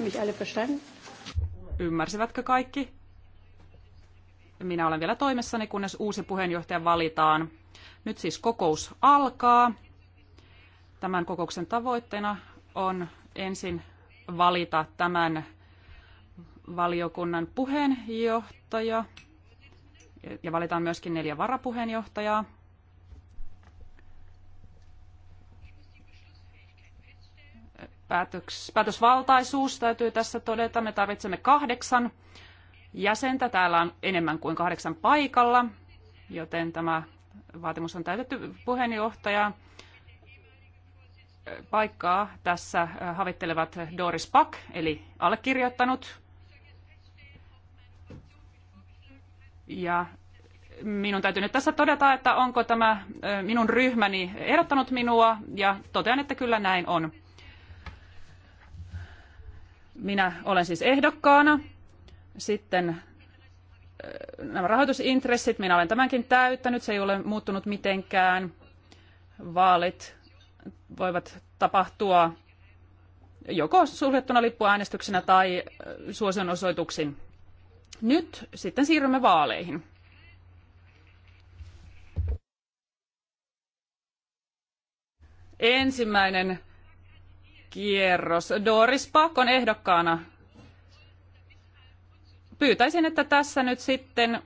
mich alle verstanden? Ymmärsivätkö kaikki? Minä olen vielä toimessani, kunnes uusi puheenjohtaja valitaan. Nyt siis kokous alkaa. Tämän kokouksen tavoitteena on ensin valita tämän valiokunnan puheenjohtaja ja valitaan myöskin neljä varapuheenjohtajaa. päätöks, päätösvaltaisuus täytyy tässä todeta. Me tarvitsemme kahdeksan jäsentä. Täällä on enemmän kuin kahdeksan paikalla, joten tämä vaatimus on täytetty puheenjohtaja. Paikkaa tässä havittelevat Doris Pak, eli allekirjoittanut. Ja minun täytyy nyt tässä todeta, että onko tämä minun ryhmäni ehdottanut minua, ja totean, että kyllä näin on. Minä olen siis ehdokkaana. Sitten äh, nämä rahoitusintressit, minä olen tämänkin täyttänyt, se ei ole muuttunut mitenkään. Vaalit voivat tapahtua joko suljettuna lippuäänestyksenä tai äh, suosionosoituksin. Nyt sitten siirrymme vaaleihin. Ensimmäinen kierros. Doris Pak on ehdokkaana. Pyytäisin, että tässä nyt sitten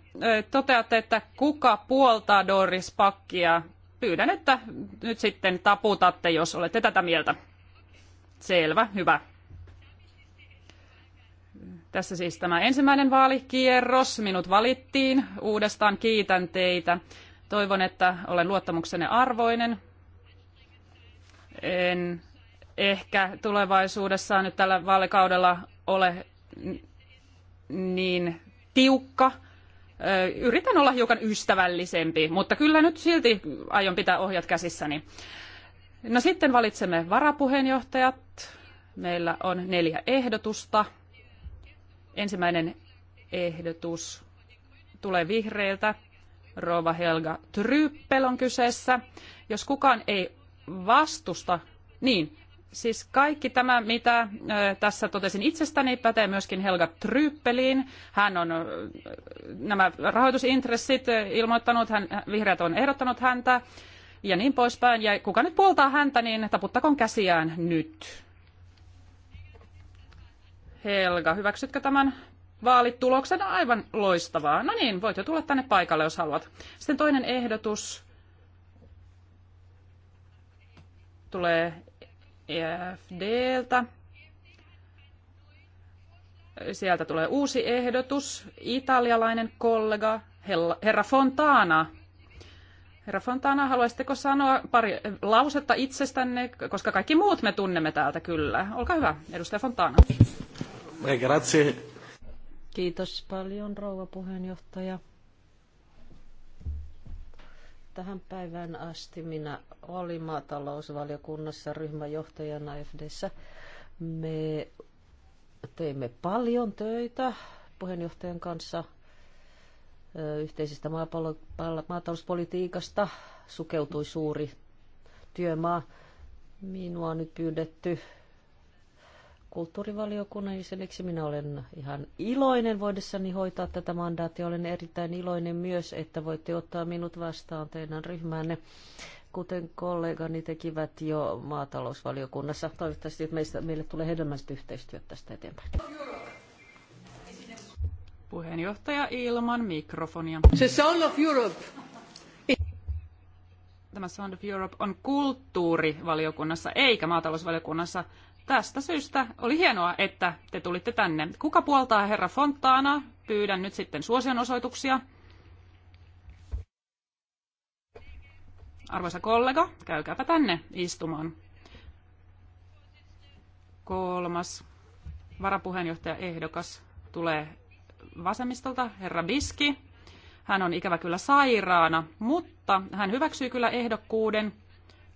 toteatte, että kuka puoltaa Doris Pakkia. Pyydän, että nyt sitten taputatte, jos olette tätä mieltä. Selvä, hyvä. Tässä siis tämä ensimmäinen vaalikierros. Minut valittiin. Uudestaan kiitän teitä. Toivon, että olen luottamuksenne arvoinen. En ehkä tulevaisuudessa nyt tällä vaalikaudella ole niin tiukka. Yritän olla hiukan ystävällisempi, mutta kyllä nyt silti aion pitää ohjat käsissäni. No sitten valitsemme varapuheenjohtajat. Meillä on neljä ehdotusta. Ensimmäinen ehdotus tulee vihreiltä. Rova Helga Tryppel on kyseessä. Jos kukaan ei vastusta, niin siis kaikki tämä, mitä tässä totesin itsestäni, pätee myöskin Helga Tryppeliin. Hän on nämä rahoitusintressit ilmoittanut, hän, vihreät on ehdottanut häntä ja niin poispäin. Ja kuka nyt puoltaa häntä, niin taputtakoon käsiään nyt. Helga, hyväksytkö tämän vaalituloksen? Aivan loistavaa. No niin, voit jo tulla tänne paikalle, jos haluat. Sitten toinen ehdotus tulee EFDltä. Sieltä tulee uusi ehdotus. Italialainen kollega herra Fontana. Herra Fontana, haluaisitteko sanoa pari lausetta itsestänne, koska kaikki muut me tunnemme täältä kyllä. Olkaa hyvä, edustaja Fontana. Eh, grazie. Kiitos paljon, rouva puheenjohtaja. Tähän päivään asti minä olin maatalousvaliokunnassa ryhmäjohtajana FDssä. Me teimme paljon töitä puheenjohtajan kanssa yhteisestä maatalouspolitiikasta. Sukeutui suuri työmaa. Minua on nyt pyydetty kulttuurivaliokunnan jäseneksi. Minä olen ihan iloinen voidessani hoitaa tätä mandaattia. Olen erittäin iloinen myös, että voitte ottaa minut vastaan teidän ryhmäänne, kuten kollegani tekivät jo maatalousvaliokunnassa. Toivottavasti että meistä, meille tulee hedelmällistä yhteistyötä tästä eteenpäin. Puheenjohtaja ilman mikrofonia. The Sound of Europe tämä Sound of Europe on kulttuurivaliokunnassa eikä maatalousvaliokunnassa tästä syystä oli hienoa, että te tulitte tänne. Kuka puoltaa herra Fontana? Pyydän nyt sitten suosionosoituksia. Arvoisa kollega, käykääpä tänne istumaan. Kolmas varapuheenjohtaja ehdokas tulee vasemmistolta, herra Biski. Hän on ikävä kyllä sairaana, mutta hän hyväksyy kyllä ehdokkuuden –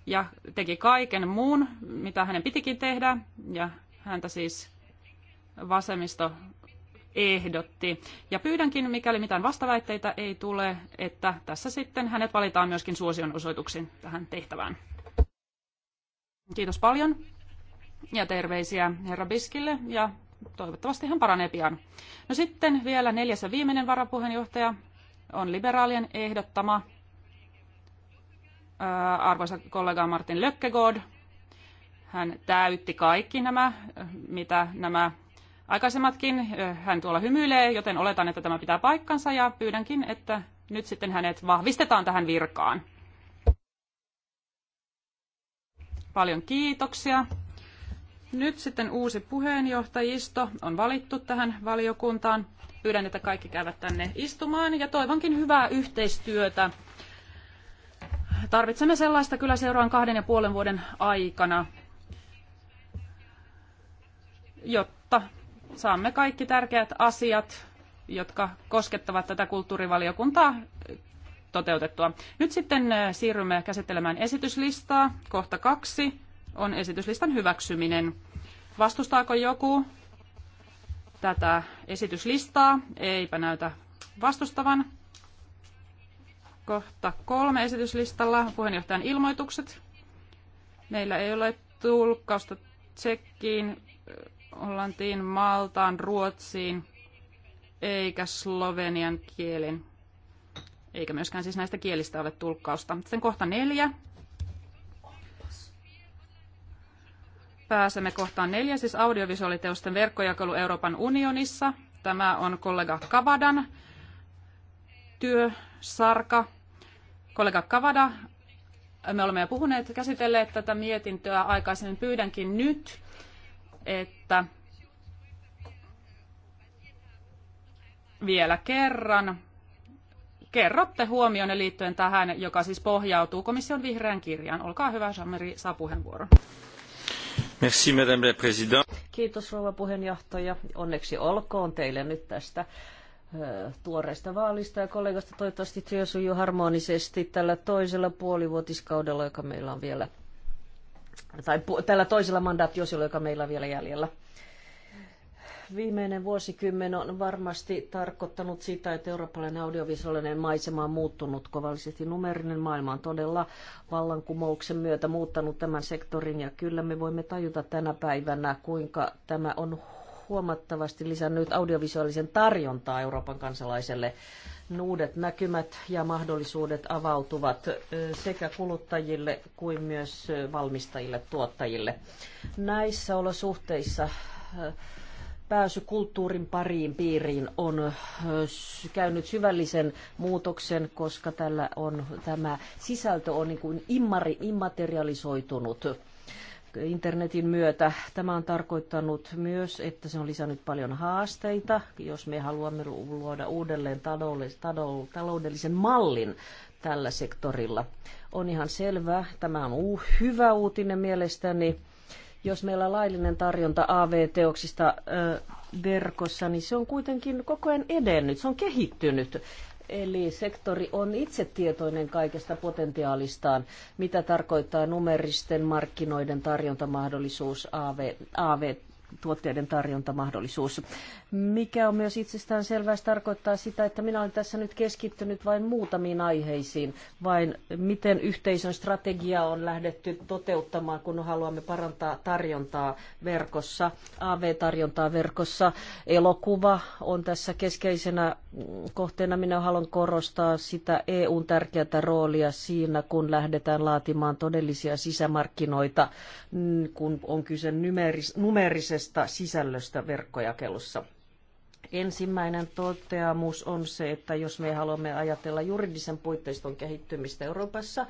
ja teki kaiken muun, mitä hänen pitikin tehdä, ja häntä siis vasemmisto ehdotti. Ja pyydänkin, mikäli mitään vastaväitteitä ei tule, että tässä sitten hänet valitaan myöskin suosion osoituksin tähän tehtävään. Kiitos paljon ja terveisiä herra Biskille ja toivottavasti hän paranee pian. No sitten vielä neljäs ja viimeinen varapuheenjohtaja on liberaalien ehdottama Äh, arvoisa kollega Martin Lökkegård. Hän täytti kaikki nämä, äh, mitä nämä aikaisemmatkin. Äh, hän tuolla hymyilee, joten oletan, että tämä pitää paikkansa ja pyydänkin, että nyt sitten hänet vahvistetaan tähän virkaan. Paljon kiitoksia. Nyt sitten uusi puheenjohtajisto on valittu tähän valiokuntaan. Pyydän, että kaikki käyvät tänne istumaan ja toivonkin hyvää yhteistyötä Tarvitsemme sellaista kyllä seuraan kahden ja puolen vuoden aikana, jotta saamme kaikki tärkeät asiat, jotka koskettavat tätä kulttuurivaliokuntaa toteutettua. Nyt sitten äh, siirrymme käsittelemään esityslistaa. Kohta kaksi on esityslistan hyväksyminen. Vastustaako joku tätä esityslistaa? Eipä näytä vastustavan. Kohta kolme esityslistalla puheenjohtajan ilmoitukset. Meillä ei ole tulkkausta Tsekkiin, Hollantiin, Maltaan, Ruotsiin eikä slovenian kielen. Eikä myöskään siis näistä kielistä ole tulkkausta. Sitten kohta neljä. Pääsemme kohtaan neljä, siis audiovisuaaliteosten verkkojakelu Euroopan unionissa. Tämä on kollega Kavadan työsarka. Kollega Kavada, me olemme jo puhuneet, käsitelleet tätä mietintöä aikaisemmin. Pyydänkin nyt, että vielä kerran kerrotte huomioon liittyen tähän, joka siis pohjautuu komission vihreän kirjaan. Olkaa hyvä, Jean-Marie, saa puheenvuoron. Merci, Madame la Kiitos rouva puheenjohtaja. Onneksi olkoon teille nyt tästä tuoreista vaalista ja kollegasta. Toivottavasti työ sujuu harmonisesti tällä toisella puolivuotiskaudella, joka meillä on vielä, tai tällä toisella mandaattiosilla, joka meillä on vielä jäljellä. Viimeinen vuosikymmen on varmasti tarkoittanut sitä, että eurooppalainen audiovisuaalinen maisema on muuttunut kovallisesti. Numerinen maailma on todella vallankumouksen myötä muuttanut tämän sektorin ja kyllä me voimme tajuta tänä päivänä, kuinka tämä on huomattavasti lisännyt audiovisuaalisen tarjontaa Euroopan kansalaiselle. Uudet näkymät ja mahdollisuudet avautuvat sekä kuluttajille kuin myös valmistajille, tuottajille. Näissä olosuhteissa pääsy kulttuurin pariin piiriin on käynyt syvällisen muutoksen, koska tällä on, tämä sisältö on niin kuin immari, immaterialisoitunut internetin myötä. Tämä on tarkoittanut myös, että se on lisännyt paljon haasteita, jos me haluamme luoda uudelleen taloudellisen mallin tällä sektorilla. On ihan selvää, tämä on hyvä uutinen mielestäni. Jos meillä on laillinen tarjonta AV-teoksista verkossa, niin se on kuitenkin koko ajan edennyt, se on kehittynyt. Eli sektori on itse tietoinen kaikesta potentiaalistaan, mitä tarkoittaa numeristen markkinoiden tarjontamahdollisuus AV, AV tuotteiden tarjontamahdollisuus. Mikä on myös itsestään selvää, tarkoittaa sitä, että minä olen tässä nyt keskittynyt vain muutamiin aiheisiin, vain miten yhteisön strategia on lähdetty toteuttamaan, kun haluamme parantaa tarjontaa verkossa, AV-tarjontaa verkossa. Elokuva on tässä keskeisenä kohteena. Minä haluan korostaa sitä EUn tärkeää roolia siinä, kun lähdetään laatimaan todellisia sisämarkkinoita, kun on kyse numeerisesta julkisesta sisällöstä verkkojakelussa. Ensimmäinen toteamus on se, että jos me haluamme ajatella juridisen puitteiston kehittymistä Euroopassa,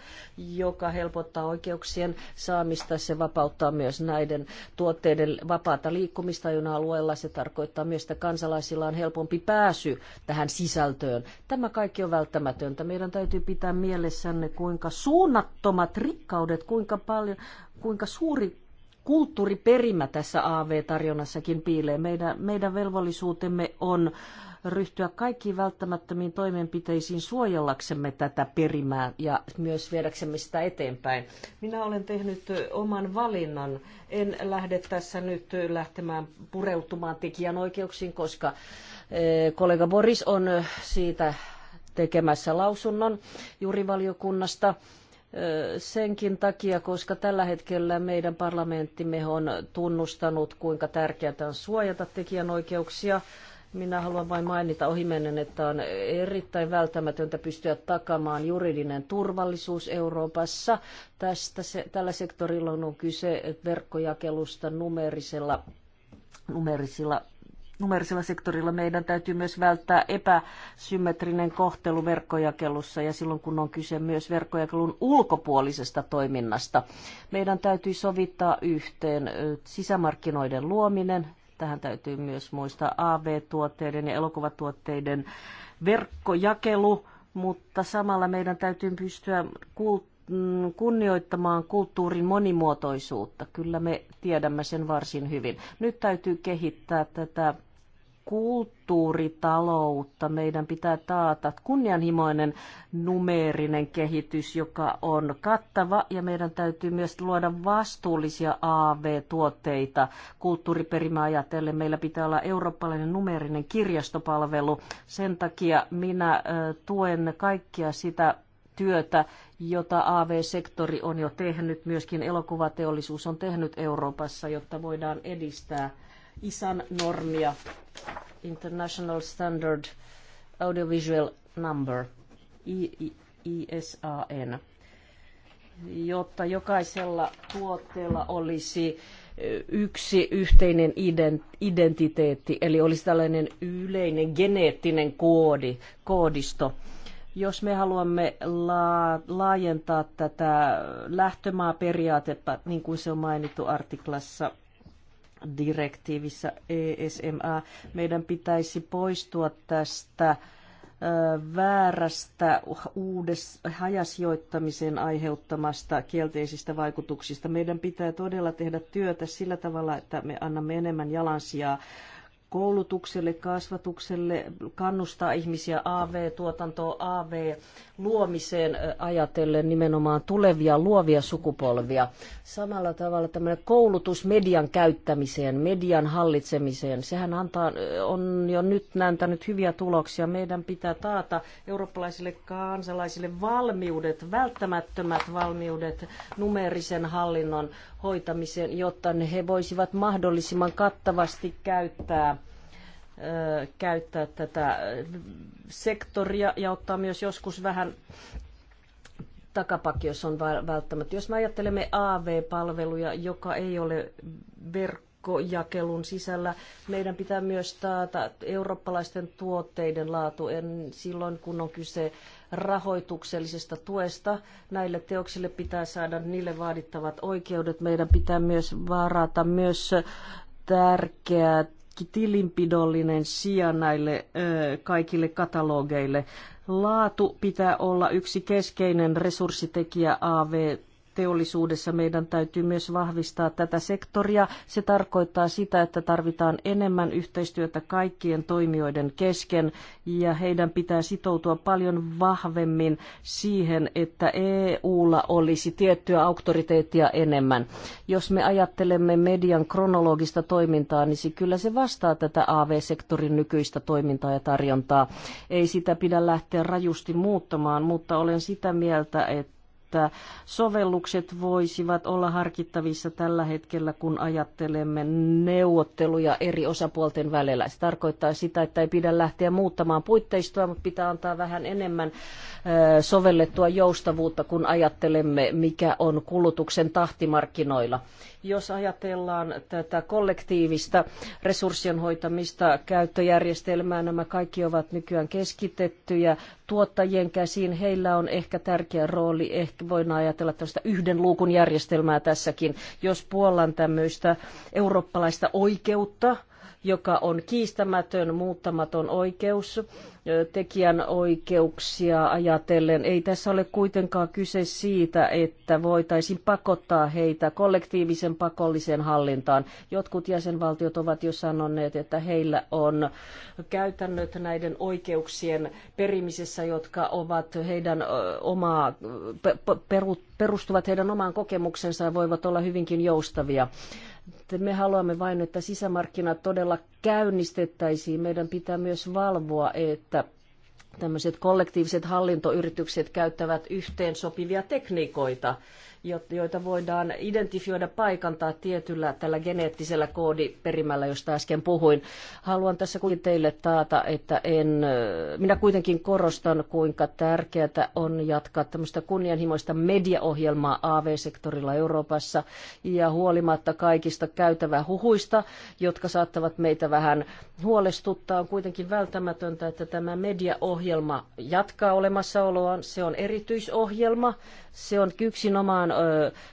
joka helpottaa oikeuksien saamista, se vapauttaa myös näiden tuotteiden vapaata liikkumista jona alueella. Se tarkoittaa myös, että kansalaisilla on helpompi pääsy tähän sisältöön. Tämä kaikki on välttämätöntä. Meidän täytyy pitää mielessänne, kuinka suunnattomat rikkaudet, kuinka paljon, kuinka suuri kulttuuriperimä tässä AV-tarjonnassakin piilee. Meidän, meidän velvollisuutemme on ryhtyä kaikkiin välttämättömiin toimenpiteisiin suojellaksemme tätä perimää ja myös viedäksemme sitä eteenpäin. Minä olen tehnyt oman valinnan. En lähde tässä nyt lähtemään pureutumaan tekijänoikeuksiin, koska eh, kollega Boris on siitä tekemässä lausunnon juurivaliokunnasta. valiokunnasta senkin takia, koska tällä hetkellä meidän parlamenttimme on tunnustanut, kuinka tärkeää on suojata tekijänoikeuksia. Minä haluan vain mainita ohimennen, että on erittäin välttämätöntä pystyä takamaan juridinen turvallisuus Euroopassa. Tästä se, tällä sektorilla on kyse verkkojakelusta numerisella, numerisilla numerisella sektorilla meidän täytyy myös välttää epäsymmetrinen kohtelu verkkojakelussa ja silloin kun on kyse myös verkkojakelun ulkopuolisesta toiminnasta. Meidän täytyy sovittaa yhteen sisämarkkinoiden luominen, tähän täytyy myös muistaa AV-tuotteiden ja elokuvatuotteiden verkkojakelu, mutta samalla meidän täytyy pystyä kulttuuriin mm, kunnioittamaan kulttuurin monimuotoisuutta. Kyllä me tiedämme sen varsin hyvin. Nyt täytyy kehittää tätä kulttuuritaloutta. Meidän pitää taata kunnianhimoinen numeerinen kehitys, joka on kattava ja meidän täytyy myös luoda vastuullisia AV-tuotteita kulttuuriperimä ajatellen. Meillä pitää olla eurooppalainen numeerinen kirjastopalvelu. Sen takia minä tuen kaikkia sitä työtä, jota AV-sektori on jo tehnyt, myöskin elokuvateollisuus on tehnyt Euroopassa, jotta voidaan edistää – ISAN normia, International Standard Audiovisual Number, ISAN, jotta jokaisella tuotteella olisi eh, yksi yhteinen identiteetti, eli olisi tällainen yleinen geneettinen koodi, koodisto. Jos me haluamme laajentaa tätä lähtömaaperiaatetta, niin kuin se on mainittu artiklassa direktiivissä ESMA. Meidän pitäisi poistua tästä väärästä uudes, hajasijoittamisen aiheuttamasta kielteisistä vaikutuksista. Meidän pitää todella tehdä työtä sillä tavalla, että me annamme enemmän jalansijaa koulutukselle, kasvatukselle, kannustaa ihmisiä AV-tuotantoon, AV-luomiseen ajatellen nimenomaan tulevia luovia sukupolvia. Samalla tavalla tämmöinen koulutus median käyttämiseen, median hallitsemiseen, sehän antaa, on jo nyt näyttänyt hyviä tuloksia. Meidän pitää taata eurooppalaisille kansalaisille valmiudet, välttämättömät valmiudet numerisen hallinnon hoitamiseen, jotta ne he voisivat mahdollisimman kattavasti käyttää käyttää tätä sektoria ja ottaa myös joskus vähän takapakki, jos on välttämättä. Jos me ajattelemme AV-palveluja, joka ei ole verkkojakelun sisällä, meidän pitää myös taata eurooppalaisten tuotteiden laatu en silloin, kun on kyse rahoituksellisesta tuesta. Näille teoksille pitää saada niille vaadittavat oikeudet. Meidän pitää myös varata myös tärkeä tilinpidollinen sija näille kaikille katalogeille. Laatu pitää olla yksi keskeinen resurssitekijä AV teollisuudessa meidän täytyy myös vahvistaa tätä sektoria. Se tarkoittaa sitä, että tarvitaan enemmän yhteistyötä kaikkien toimijoiden kesken ja heidän pitää sitoutua paljon vahvemmin siihen, että EUlla olisi tiettyä auktoriteettia enemmän. Jos me ajattelemme median kronologista toimintaa, niin se kyllä se vastaa tätä AV-sektorin nykyistä toimintaa ja tarjontaa. Ei sitä pidä lähteä rajusti muuttamaan, mutta olen sitä mieltä, että että sovellukset voisivat olla harkittavissa tällä hetkellä, kun ajattelemme neuvotteluja eri osapuolten välillä. Se tarkoittaa sitä, että ei pidä lähteä muuttamaan puitteistoa, mutta pitää antaa vähän enemmän sovellettua joustavuutta, kun ajattelemme, mikä on kulutuksen tahtimarkkinoilla. Jos ajatellaan tätä kollektiivista resurssien hoitamista käyttöjärjestelmää, nämä kaikki ovat nykyään keskitettyjä tuottajien käsiin. Heillä on ehkä tärkeä rooli, ehkä voidaan ajatella tällaista yhden luukun järjestelmää tässäkin. Jos Puolan tämmöistä eurooppalaista oikeutta joka on kiistämätön, muuttamaton oikeus tekijän oikeuksia ajatellen. Ei tässä ole kuitenkaan kyse siitä, että voitaisiin pakottaa heitä kollektiivisen pakolliseen hallintaan. Jotkut jäsenvaltiot ovat jo sanoneet, että heillä on käytännöt näiden oikeuksien perimisessä, jotka ovat heidän omaa, perustuvat heidän omaan kokemuksensa ja voivat olla hyvinkin joustavia me haluamme vain, että sisämarkkina todella käynnistettäisiin. Meidän pitää myös valvoa, että tämmöiset kollektiiviset hallintoyritykset käyttävät yhteen sopivia tekniikoita, joita voidaan identifioida paikantaa tietyllä tällä geneettisellä koodiperimällä, josta äsken puhuin. Haluan tässä kuitenkin teille taata, että en, minä kuitenkin korostan, kuinka tärkeää on jatkaa tämmöistä kunnianhimoista mediaohjelmaa AV-sektorilla Euroopassa ja huolimatta kaikista käytävää huhuista, jotka saattavat meitä vähän huolestuttaa, on kuitenkin välttämätöntä, että tämä mediaohjelma jatkaa olemassaoloaan. Se on erityisohjelma, se on yksinomaan ö,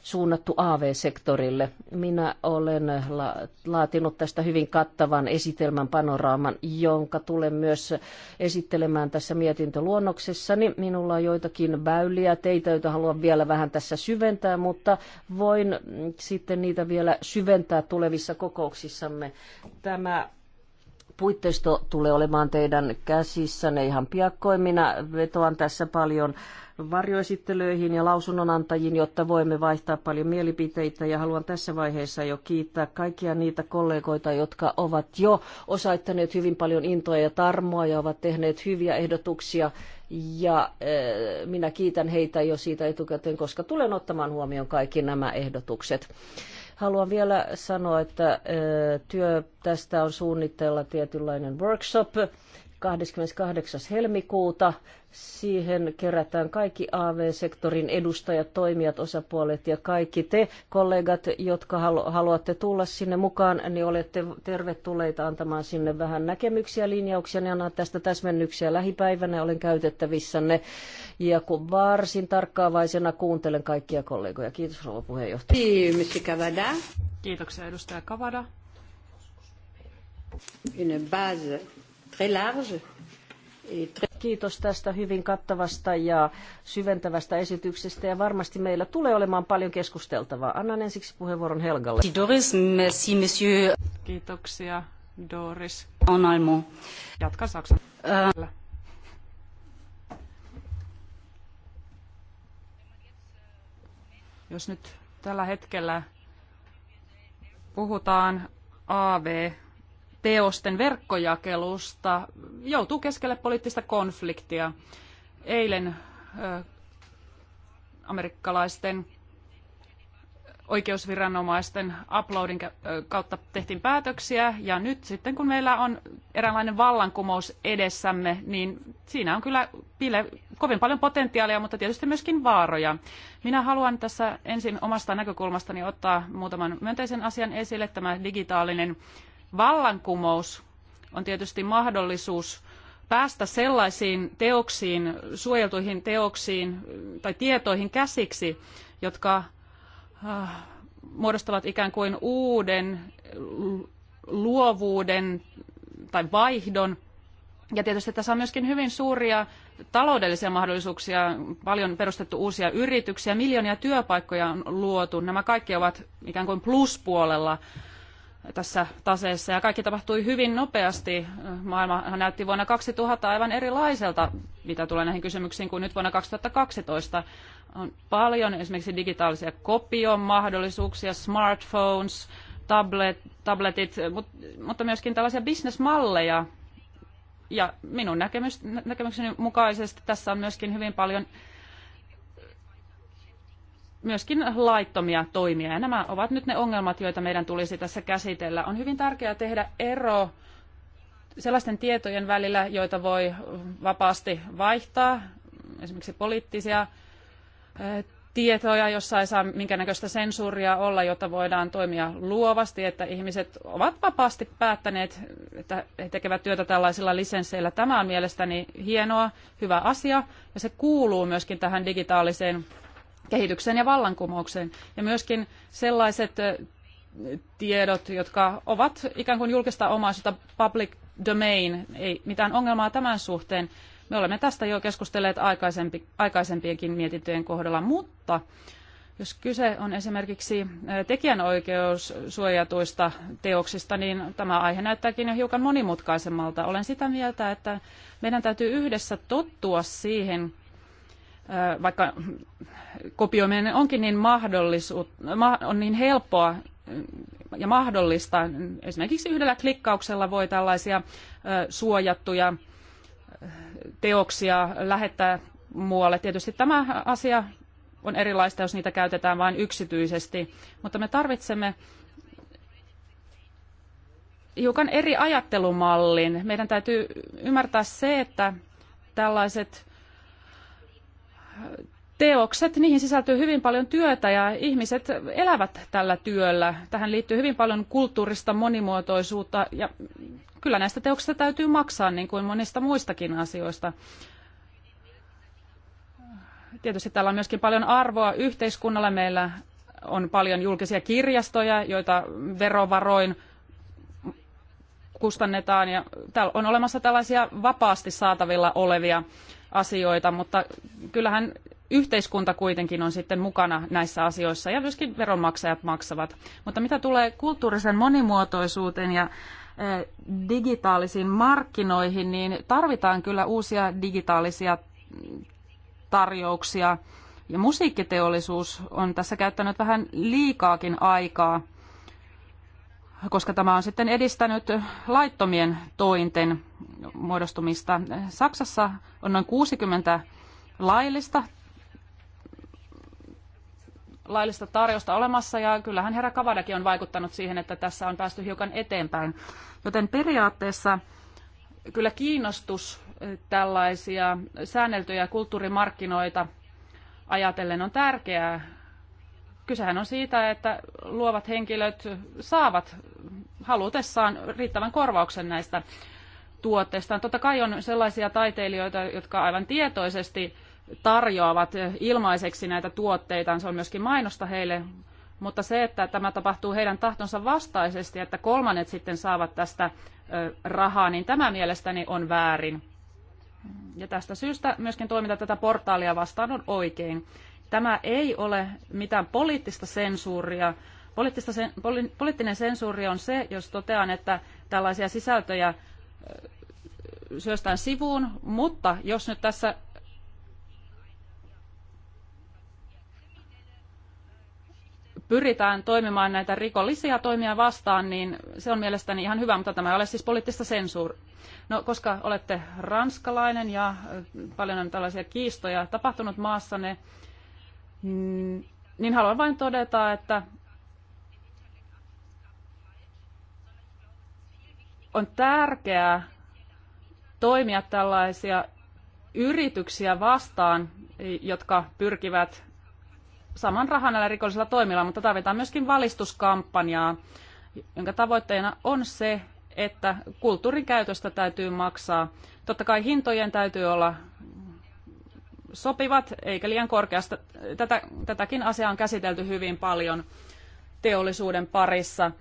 suunnattu AV-sektorille. Minä olen la- laatinut tästä hyvin kattavan esitelmän panoraaman, jonka tulen myös esittelemään tässä mietintöluonnoksessani. Minulla on joitakin väyliä, teitä, joita haluan vielä vähän tässä syventää, mutta voin mm, sitten niitä vielä syventää tulevissa kokouksissamme. Tämä puitteisto tulee olemaan teidän käsissänne ihan piakkoin. Minä vetoan tässä paljon varjoesittelyihin ja lausunnonantajiin, jotta voimme vaihtaa paljon mielipiteitä. Ja haluan tässä vaiheessa jo kiittää kaikkia niitä kollegoita, jotka ovat jo osaittaneet hyvin paljon intoa ja tarmoa ja ovat tehneet hyviä ehdotuksia. Ja eh, minä kiitän heitä jo siitä etukäteen, koska tulen ottamaan huomioon kaikki nämä ehdotukset. Haluan vielä sanoa, että eh, työ tästä on suunnitteilla tietynlainen workshop, 28. helmikuuta. Siihen kerätään kaikki AV-sektorin edustajat, toimijat, osapuolet ja kaikki te kollegat, jotka haluatte tulla sinne mukaan, niin olette tervetulleita antamaan sinne vähän näkemyksiä, linjauksia. Ne annan tästä täsmennyksiä lähipäivänä, olen käytettävissänne. Ja kun varsin tarkkaavaisena kuuntelen kaikkia kollegoja. Kiitos rouva puheenjohtaja. Kiitoksia edustaja Kavada. Une base très large. Kiitos tästä hyvin kattavasta ja syventävästä esityksestä ja varmasti meillä tulee olemaan paljon keskusteltavaa. Annan ensiksi puheenvuoron Helgalle. Doris, merci monsieur. Kiitoksia Doris. En allemand. Jatka saksan. Uh. Jos nyt tällä hetkellä puhutaan AV teosten verkkojakelusta joutuu keskelle poliittista konfliktia. Eilen amerikkalaisten oikeusviranomaisten uploadin kautta tehtiin päätöksiä ja nyt sitten kun meillä on eräänlainen vallankumous edessämme, niin siinä on kyllä pile, kovin paljon potentiaalia, mutta tietysti myöskin vaaroja. Minä haluan tässä ensin omasta näkökulmastani ottaa muutaman myönteisen asian esille, tämä digitaalinen vallankumous on tietysti mahdollisuus päästä sellaisiin teoksiin, suojeltuihin teoksiin mm, tai tietoihin käsiksi, jotka äh, muodostavat ikään kuin uuden luovuuden tai vaihdon. Ja tietysti tässä on myöskin hyvin suuria taloudellisia mahdollisuuksia, paljon perustettu uusia yrityksiä, miljoonia työpaikkoja on luotu. Nämä kaikki ovat ikään kuin pluspuolella tässä taseessa ja kaikki tapahtui hyvin nopeasti. Maailma näytti vuonna 2000 aivan erilaiselta, mitä tulee näihin kysymyksiin, kuin nyt vuonna 2012. On paljon esimerkiksi digitaalisia kopion mahdollisuuksia, smartphones, tablet, tabletit, mutta myöskin tällaisia bisnesmalleja. Ja minun näkemys, näkemykseni mukaisesti tässä on myöskin hyvin paljon myöskin laittomia toimia. Ja nämä ovat nyt ne ongelmat, joita meidän tulisi tässä käsitellä. On hyvin tärkeää tehdä ero sellaisten tietojen välillä, joita voi vapaasti vaihtaa, esimerkiksi poliittisia eh, tietoja, jossa ei saa minkäännäköistä sensuuria olla, jotta voidaan toimia luovasti, että ihmiset ovat vapaasti päättäneet, että he tekevät työtä tällaisilla lisensseillä. Tämä on mielestäni hienoa, hyvä asia, ja se kuuluu myöskin tähän digitaaliseen kehitykseen ja vallankumoukseen. Ja myöskin sellaiset tiedot, jotka ovat ikään kuin julkista omaisuutta, public domain, ei mitään ongelmaa tämän suhteen. Me olemme tästä jo keskustelleet aikaisempi, aikaisempienkin mietintöjen kohdalla, mutta jos kyse on esimerkiksi tekijänoikeussuojatuista teoksista, niin tämä aihe näyttääkin jo hiukan monimutkaisemmalta. Olen sitä mieltä, että meidän täytyy yhdessä tottua siihen, vaikka kopioiminen onkin niin, mahdollisuut, on niin helppoa ja mahdollista, esimerkiksi yhdellä klikkauksella voi tällaisia suojattuja teoksia lähettää muualle. Tietysti tämä asia on erilaista, jos niitä käytetään vain yksityisesti, mutta me tarvitsemme hiukan eri ajattelumallin. Meidän täytyy ymmärtää se, että tällaiset teokset, niihin sisältyy hyvin paljon työtä ja ihmiset elävät tällä työllä. Tähän liittyy hyvin paljon kulttuurista monimuotoisuutta ja kyllä näistä teoksista täytyy maksaa niin kuin monista muistakin asioista. Tietysti täällä on myöskin paljon arvoa yhteiskunnalle. Meillä on paljon julkisia kirjastoja, joita verovaroin kustannetaan ja on olemassa tällaisia vapaasti saatavilla olevia asioita, mutta kyllähän yhteiskunta kuitenkin on sitten mukana näissä asioissa ja myöskin veronmaksajat maksavat. Mutta mitä tulee kulttuurisen monimuotoisuuteen ja e, digitaalisiin markkinoihin, niin tarvitaan kyllä uusia digitaalisia tarjouksia. Ja musiikkiteollisuus on tässä käyttänyt vähän liikaakin aikaa – koska tämä on sitten edistänyt laittomien tointen muodostumista. Saksassa on noin 60 laillista, laillista tarjosta olemassa ja kyllähän herra Kavadakin on vaikuttanut siihen, että tässä on päästy hiukan eteenpäin. Joten periaatteessa kyllä kiinnostus tällaisia säänneltyjä kulttuurimarkkinoita ajatellen on tärkeää, Kysehän on siitä, että luovat henkilöt saavat halutessaan riittävän korvauksen näistä tuotteista, Totta kai on sellaisia taiteilijoita, jotka aivan tietoisesti tarjoavat ilmaiseksi näitä tuotteita, Se on myöskin mainosta heille, mutta se, että tämä tapahtuu heidän tahtonsa vastaisesti, että kolmannet sitten saavat tästä rahaa, niin tämä mielestäni on väärin. Ja tästä syystä myöskin toiminta tätä portaalia vastaan on oikein. Tämä ei ole mitään poliittista sensuuria. Poliittista sen, poli, poliittinen sensuuri on se, jos totean, että tällaisia sisältöjä syöstään sivuun, mutta jos nyt tässä pyritään toimimaan näitä rikollisia toimia vastaan, niin se on mielestäni ihan hyvä, mutta tämä ei ole siis poliittista sensuuria. No, koska olette ranskalainen ja paljon on tällaisia kiistoja tapahtunut maassanne, Mm, niin haluan vain todeta, että on tärkeää toimia tällaisia yrityksiä vastaan, jotka pyrkivät saman rahan näillä rikollisilla toimilla, mutta tarvitaan myöskin valistuskampanjaa, jonka tavoitteena on se, että kulttuurin käytöstä täytyy maksaa. Totta kai hintojen täytyy olla sopivat eikä liian korkeasta. Tätä, tätäkin asiaa on käsitelty hyvin paljon teollisuuden parissa.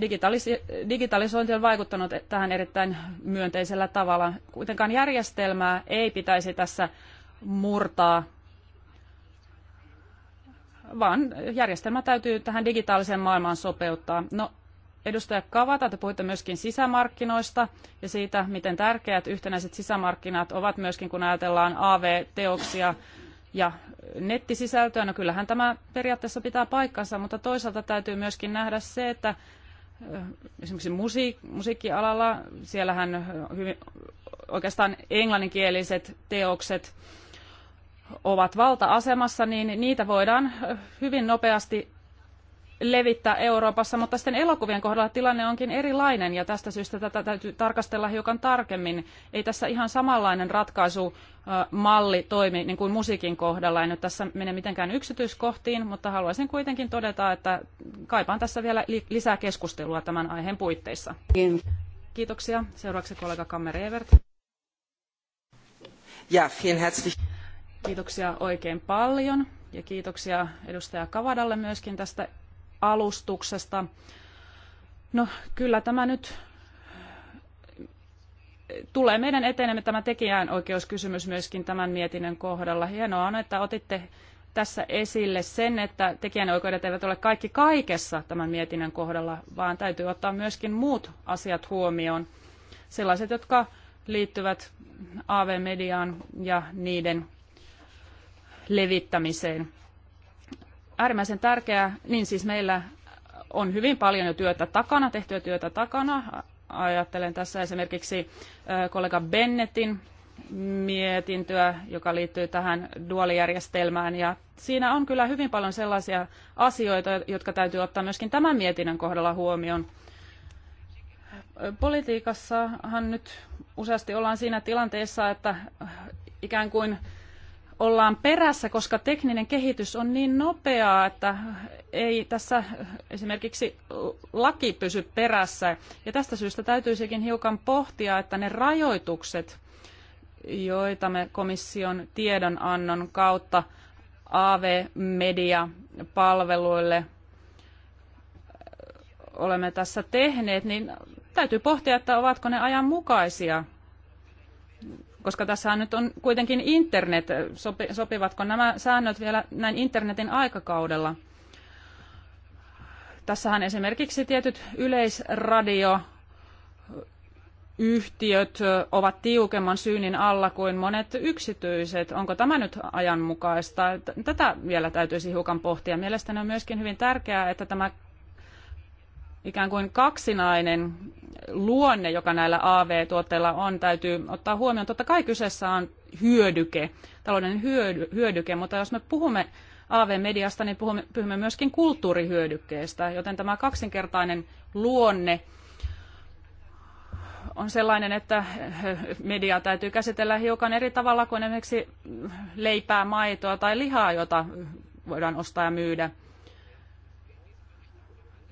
Digitalis- digitalisointi on vaikuttanut tähän erittäin myönteisellä tavalla. Kuitenkaan järjestelmää ei pitäisi tässä murtaa, vaan järjestelmä täytyy tähän digitaaliseen maailmaan sopeuttaa. No, Edustaja Kavata, te puhuitte myöskin sisämarkkinoista ja siitä, miten tärkeät yhtenäiset sisämarkkinat ovat myöskin, kun ajatellaan AV-teoksia ja nettisisältöä. No kyllähän tämä periaatteessa pitää paikkansa, mutta toisaalta täytyy myöskin nähdä se, että esimerkiksi musiik- musiikkialalla, siellähän hyvin, oikeastaan englanninkieliset teokset ovat valta-asemassa, niin niitä voidaan hyvin nopeasti levittää Euroopassa, mutta sitten elokuvien kohdalla tilanne onkin erilainen ja tästä syystä tätä täytyy tarkastella hiukan tarkemmin. Ei tässä ihan samanlainen ratkaisumalli toimi niin kuin musiikin kohdalla. En nyt tässä mene mitenkään yksityiskohtiin, mutta haluaisin kuitenkin todeta, että kaipaan tässä vielä lisää keskustelua tämän aiheen puitteissa. Kiitoksia. Seuraavaksi kollega Kammer Evert. Ja, Kiitoksia oikein paljon ja kiitoksia edustaja Kavadalle myöskin tästä alustuksesta. No kyllä tämä nyt tulee meidän etenemme tämä tekijänoikeuskysymys myöskin tämän mietinnön kohdalla. Hienoa on, että otitte tässä esille sen, että tekijänoikeudet eivät ole kaikki kaikessa tämän mietinnön kohdalla, vaan täytyy ottaa myöskin muut asiat huomioon. Sellaiset, jotka liittyvät AV-mediaan ja niiden levittämiseen äärimmäisen tärkeää, niin siis meillä on hyvin paljon jo työtä takana, tehtyä työtä takana. Ajattelen tässä esimerkiksi kollega Bennetin mietintöä, joka liittyy tähän duolijärjestelmään. Ja siinä on kyllä hyvin paljon sellaisia asioita, jotka täytyy ottaa myöskin tämän mietinnön kohdalla huomioon. Politiikassahan nyt useasti ollaan siinä tilanteessa, että ikään kuin ollaan perässä, koska tekninen kehitys on niin nopeaa, että ei tässä esimerkiksi laki pysy perässä. Ja tästä syystä täytyisikin hiukan pohtia, että ne rajoitukset, joita me komission tiedonannon kautta AV-media-palveluille olemme tässä tehneet, niin täytyy pohtia, että ovatko ne ajanmukaisia koska tässä nyt on kuitenkin internet, sopi, sopivatko nämä säännöt vielä näin internetin aikakaudella? Tässähän esimerkiksi tietyt yleisradio yhtiöt ovat tiukemman syynin alla kuin monet yksityiset. Onko tämä nyt ajanmukaista? Tätä vielä täytyisi hiukan pohtia. Mielestäni on myöskin hyvin tärkeää, että tämä ikään kuin kaksinainen luonne, joka näillä AV-tuotteilla on, täytyy ottaa huomioon. Totta kai kyseessä on hyödyke, talouden hyödy, hyödyke, mutta jos me puhumme AV-mediasta, niin puhumme, puhumme myöskin kulttuurihyödykkeestä, joten tämä kaksinkertainen luonne on sellainen, että mediaa täytyy käsitellä hiukan eri tavalla kuin esimerkiksi leipää, maitoa tai lihaa, jota voidaan ostaa ja myydä –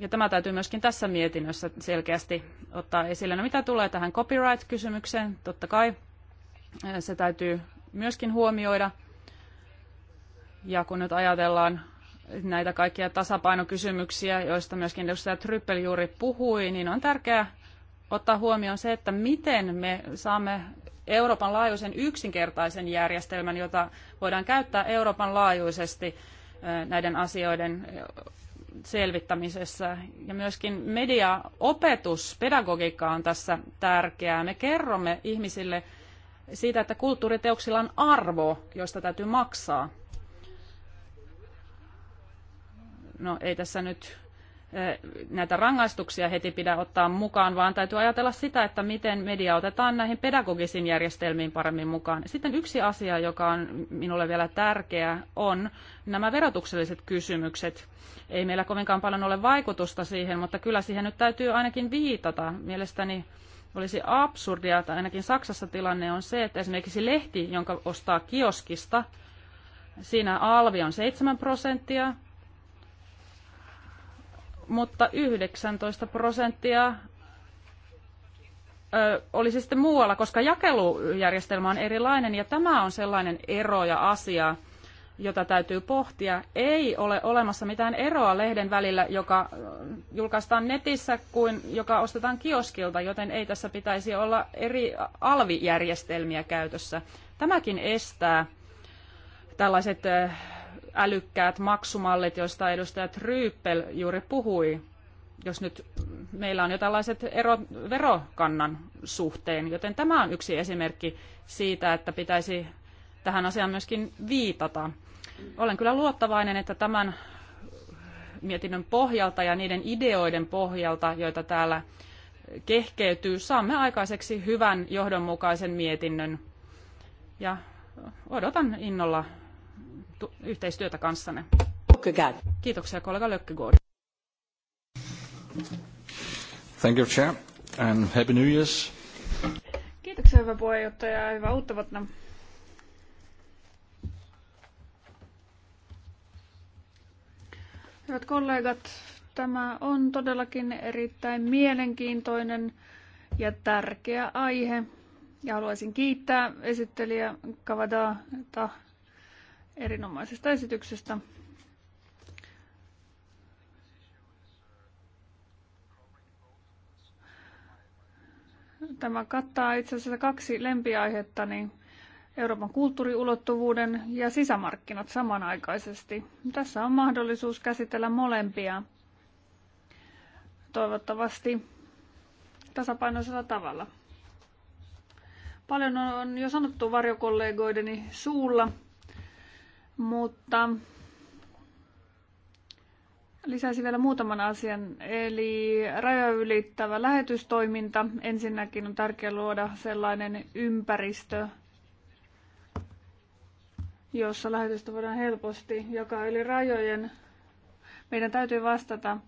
ja tämä täytyy myöskin tässä mietinnössä selkeästi ottaa esille. No mitä tulee tähän copyright-kysymykseen, totta kai eh, se täytyy myöskin huomioida. Ja kun nyt ajatellaan näitä kaikkia tasapainokysymyksiä, joista myöskin edustaja Tryppel juuri puhui, niin on tärkeää ottaa huomioon se, että miten me saamme Euroopan laajuisen yksinkertaisen järjestelmän, jota voidaan käyttää Euroopan laajuisesti eh, näiden asioiden selvittämisessä ja myöskin mediaopetus, pedagogiikka on tässä tärkeää. Me kerromme ihmisille siitä, että kulttuuriteoksilla on arvo, josta täytyy maksaa. No ei tässä nyt näitä rangaistuksia heti pidä ottaa mukaan, vaan täytyy ajatella sitä, että miten media otetaan näihin pedagogisiin järjestelmiin paremmin mukaan. Sitten yksi asia, joka on minulle vielä tärkeä, on nämä verotukselliset kysymykset. Ei meillä kovinkaan paljon ole vaikutusta siihen, mutta kyllä siihen nyt täytyy ainakin viitata. Mielestäni olisi absurdia, että ainakin Saksassa tilanne on se, että esimerkiksi lehti, jonka ostaa kioskista, siinä alvi on 7 prosenttia, mutta 19 prosenttia olisi sitten muualla, koska jakelujärjestelmä on erilainen ja tämä on sellainen ero ja asia, jota täytyy pohtia. Ei ole olemassa mitään eroa lehden välillä, joka julkaistaan netissä kuin joka ostetaan kioskilta, joten ei tässä pitäisi olla eri alvijärjestelmiä käytössä. Tämäkin estää tällaiset älykkäät maksumallit, joista edustaja Tryyppel juuri puhui, jos nyt meillä on jo tällaiset ero, verokannan suhteen, joten tämä on yksi esimerkki siitä, että pitäisi tähän asiaan myöskin viitata. Olen kyllä luottavainen, että tämän mietinnön pohjalta ja niiden ideoiden pohjalta, joita täällä kehkeytyy, saamme aikaiseksi hyvän johdonmukaisen mietinnön. Ja odotan innolla yhteistyötä kanssanne. Kiitoksia kollega Lökkegaard. Thank you, Chair, and Happy New Year. Kiitoksia hyvä puheenjohtaja ja hyvää uutta vuotta. Hyvät kollegat, tämä on todellakin erittäin mielenkiintoinen ja tärkeä aihe. Ja haluaisin kiittää esittelijä Kavadaa erinomaisesta esityksestä. Tämä kattaa itse asiassa kaksi lempiaihetta, niin Euroopan kulttuuriulottuvuuden ja sisämarkkinat samanaikaisesti. Tässä on mahdollisuus käsitellä molempia toivottavasti tasapainoisella tavalla. Paljon on jo sanottu varjokollegoideni suulla mutta lisäisin vielä muutaman asian. Eli rajoja ylittävä lähetystoiminta. Ensinnäkin on tärkeää luoda sellainen ympäristö, jossa lähetystä voidaan helposti jakaa yli rajojen. Meidän täytyy vastata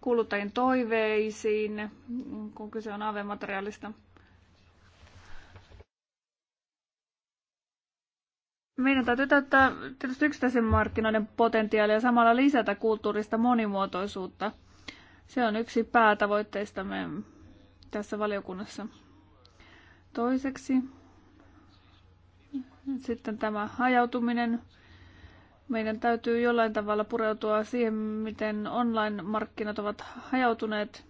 kuluttajien toiveisiin, kun kyse on AV-materiaalista. Meidän täytyy täyttää tietysti yksittäisen markkinoiden potentiaalia ja samalla lisätä kulttuurista monimuotoisuutta. Se on yksi päätavoitteistamme tässä valiokunnassa. Toiseksi sitten tämä hajautuminen. Meidän täytyy jollain tavalla pureutua siihen, miten online-markkinat ovat hajautuneet.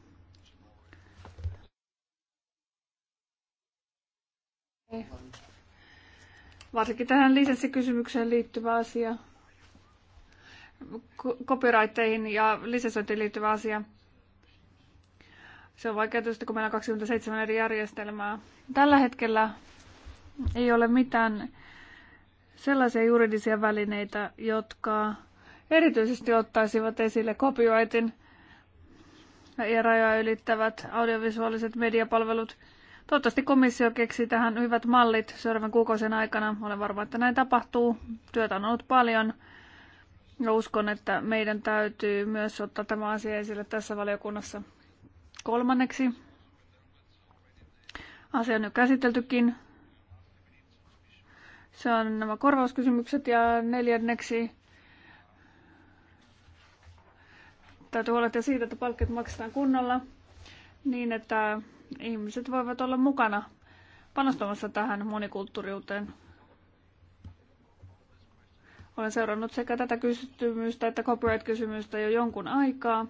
Okay varsinkin tähän lisenssikysymykseen liittyvä asia, copyrighteihin ja lisensointiin liittyvä asia. Se on vaikea tietysti, kun meillä on 27 eri järjestelmää. Tällä hetkellä ei ole mitään sellaisia juridisia välineitä, jotka erityisesti ottaisivat esille copyrightin ja rajoja ylittävät audiovisuaaliset mediapalvelut – Toivottavasti komissio keksii tähän hyvät mallit seuraavan kuukausien aikana. Olen varma, että näin tapahtuu. Työtä on ollut paljon. Ja uskon, että meidän täytyy myös ottaa tämä asia esille tässä valiokunnassa. Kolmanneksi, asia on jo käsiteltykin. Se on nämä korvauskysymykset ja neljänneksi täytyy huolehtia siitä, että palkkeet maksetaan kunnolla niin, että ihmiset voivat olla mukana panostamassa tähän monikulttuuriuteen. Olen seurannut sekä tätä kysymystä että copyright-kysymystä jo jonkun aikaa.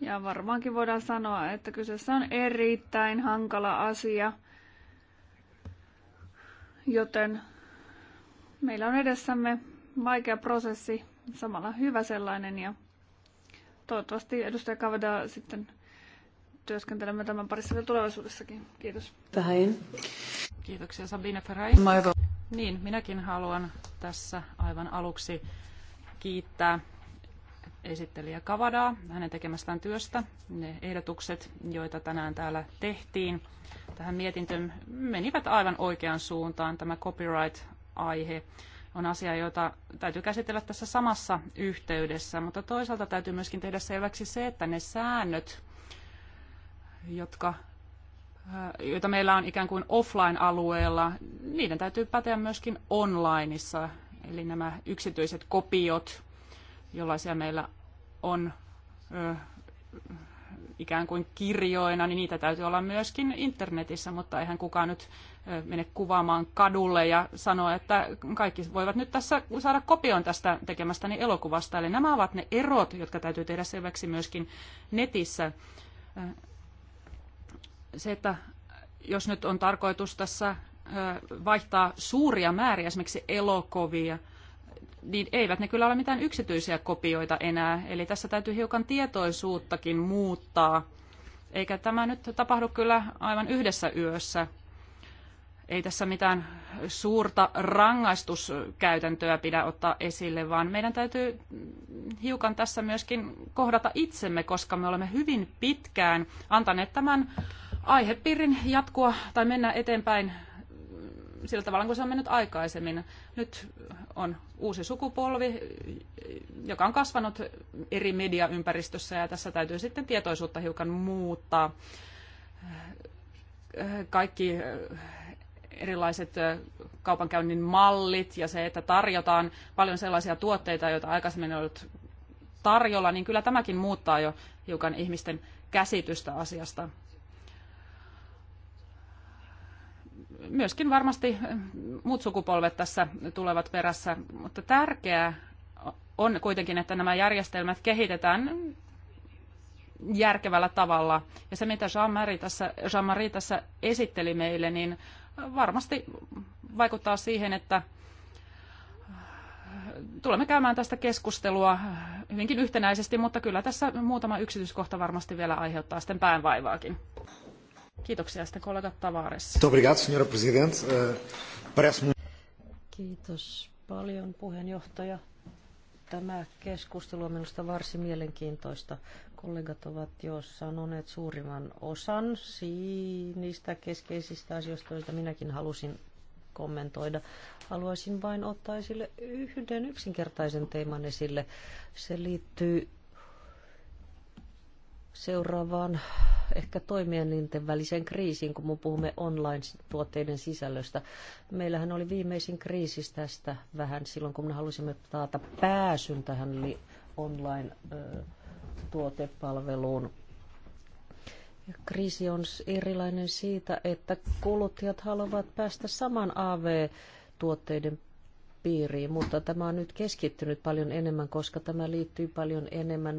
Ja varmaankin voidaan sanoa, että kyseessä on erittäin hankala asia, joten meillä on edessämme vaikea prosessi, samalla hyvä sellainen ja toivottavasti edustaja Kavada sitten työskentelemme tämän parissa vielä tulevaisuudessakin. Kiitos. Tähän. Kiitoksia Sabine Ferrain. Niin, minäkin haluan tässä aivan aluksi kiittää esittelijä Kavadaa hänen tekemästään työstä. Ne ehdotukset, joita tänään täällä tehtiin tähän mietintöön, menivät aivan oikeaan suuntaan. Tämä copyright-aihe on asia, jota täytyy käsitellä tässä samassa yhteydessä, mutta toisaalta täytyy myöskin tehdä selväksi se, että ne säännöt, jotka, joita meillä on ikään kuin offline-alueella, niiden täytyy päteä myöskin onlineissa. Eli nämä yksityiset kopiot, jollaisia meillä on ikään kuin kirjoina, niin niitä täytyy olla myöskin internetissä, mutta eihän kukaan nyt mene kuvaamaan kadulle ja sanoa, että kaikki voivat nyt tässä saada kopion tästä tekemästäni elokuvasta. Eli nämä ovat ne erot, jotka täytyy tehdä selväksi myöskin netissä se, että jos nyt on tarkoitus tässä vaihtaa suuria määriä, esimerkiksi elokovia, niin eivät ne kyllä ole mitään yksityisiä kopioita enää. Eli tässä täytyy hiukan tietoisuuttakin muuttaa. Eikä tämä nyt tapahdu kyllä aivan yhdessä yössä. Ei tässä mitään suurta rangaistuskäytäntöä pidä ottaa esille, vaan meidän täytyy hiukan tässä myöskin kohdata itsemme, koska me olemme hyvin pitkään antaneet tämän aihepiirin jatkua tai mennä eteenpäin mm, sillä tavalla, kun se on mennyt aikaisemmin. Nyt on uusi sukupolvi, joka on kasvanut eri mediaympäristössä ja tässä täytyy sitten tietoisuutta hiukan muuttaa. Kaikki erilaiset kaupankäynnin mallit ja se, että tarjotaan paljon sellaisia tuotteita, joita aikaisemmin on ollut tarjolla, niin kyllä tämäkin muuttaa jo hiukan ihmisten käsitystä asiasta. myöskin varmasti muut sukupolvet tässä tulevat perässä, mutta tärkeää on kuitenkin, että nämä järjestelmät kehitetään järkevällä tavalla. Ja se, mitä Jean-Marie tässä, Jean-Marie tässä esitteli meille, niin varmasti vaikuttaa siihen, että tulemme käymään tästä keskustelua hyvinkin yhtenäisesti, mutta kyllä tässä muutama yksityiskohta varmasti vielä aiheuttaa sitten päänvaivaakin. Kiitoksia sitten kollega Tavares. Eh, um- Kiitos paljon puheenjohtaja. Tämä keskustelu on minusta varsin mielenkiintoista. Kollegat ovat jo sanoneet suurimman osan niistä keskeisistä asioista, joita minäkin halusin kommentoida. Haluaisin vain ottaa esille yhden yksinkertaisen teeman esille. Se liittyy seuraavaan ehkä toimielinten väliseen kriisiin, kun me puhumme online-tuotteiden sisällöstä. Meillähän oli viimeisin kriisi tästä vähän silloin, kun me halusimme taata pääsyn tähän online-tuotepalveluun. Kriisi on erilainen siitä, että kuluttajat haluavat päästä saman AV-tuotteiden piiriin, mutta tämä on nyt keskittynyt paljon enemmän, koska tämä liittyy paljon enemmän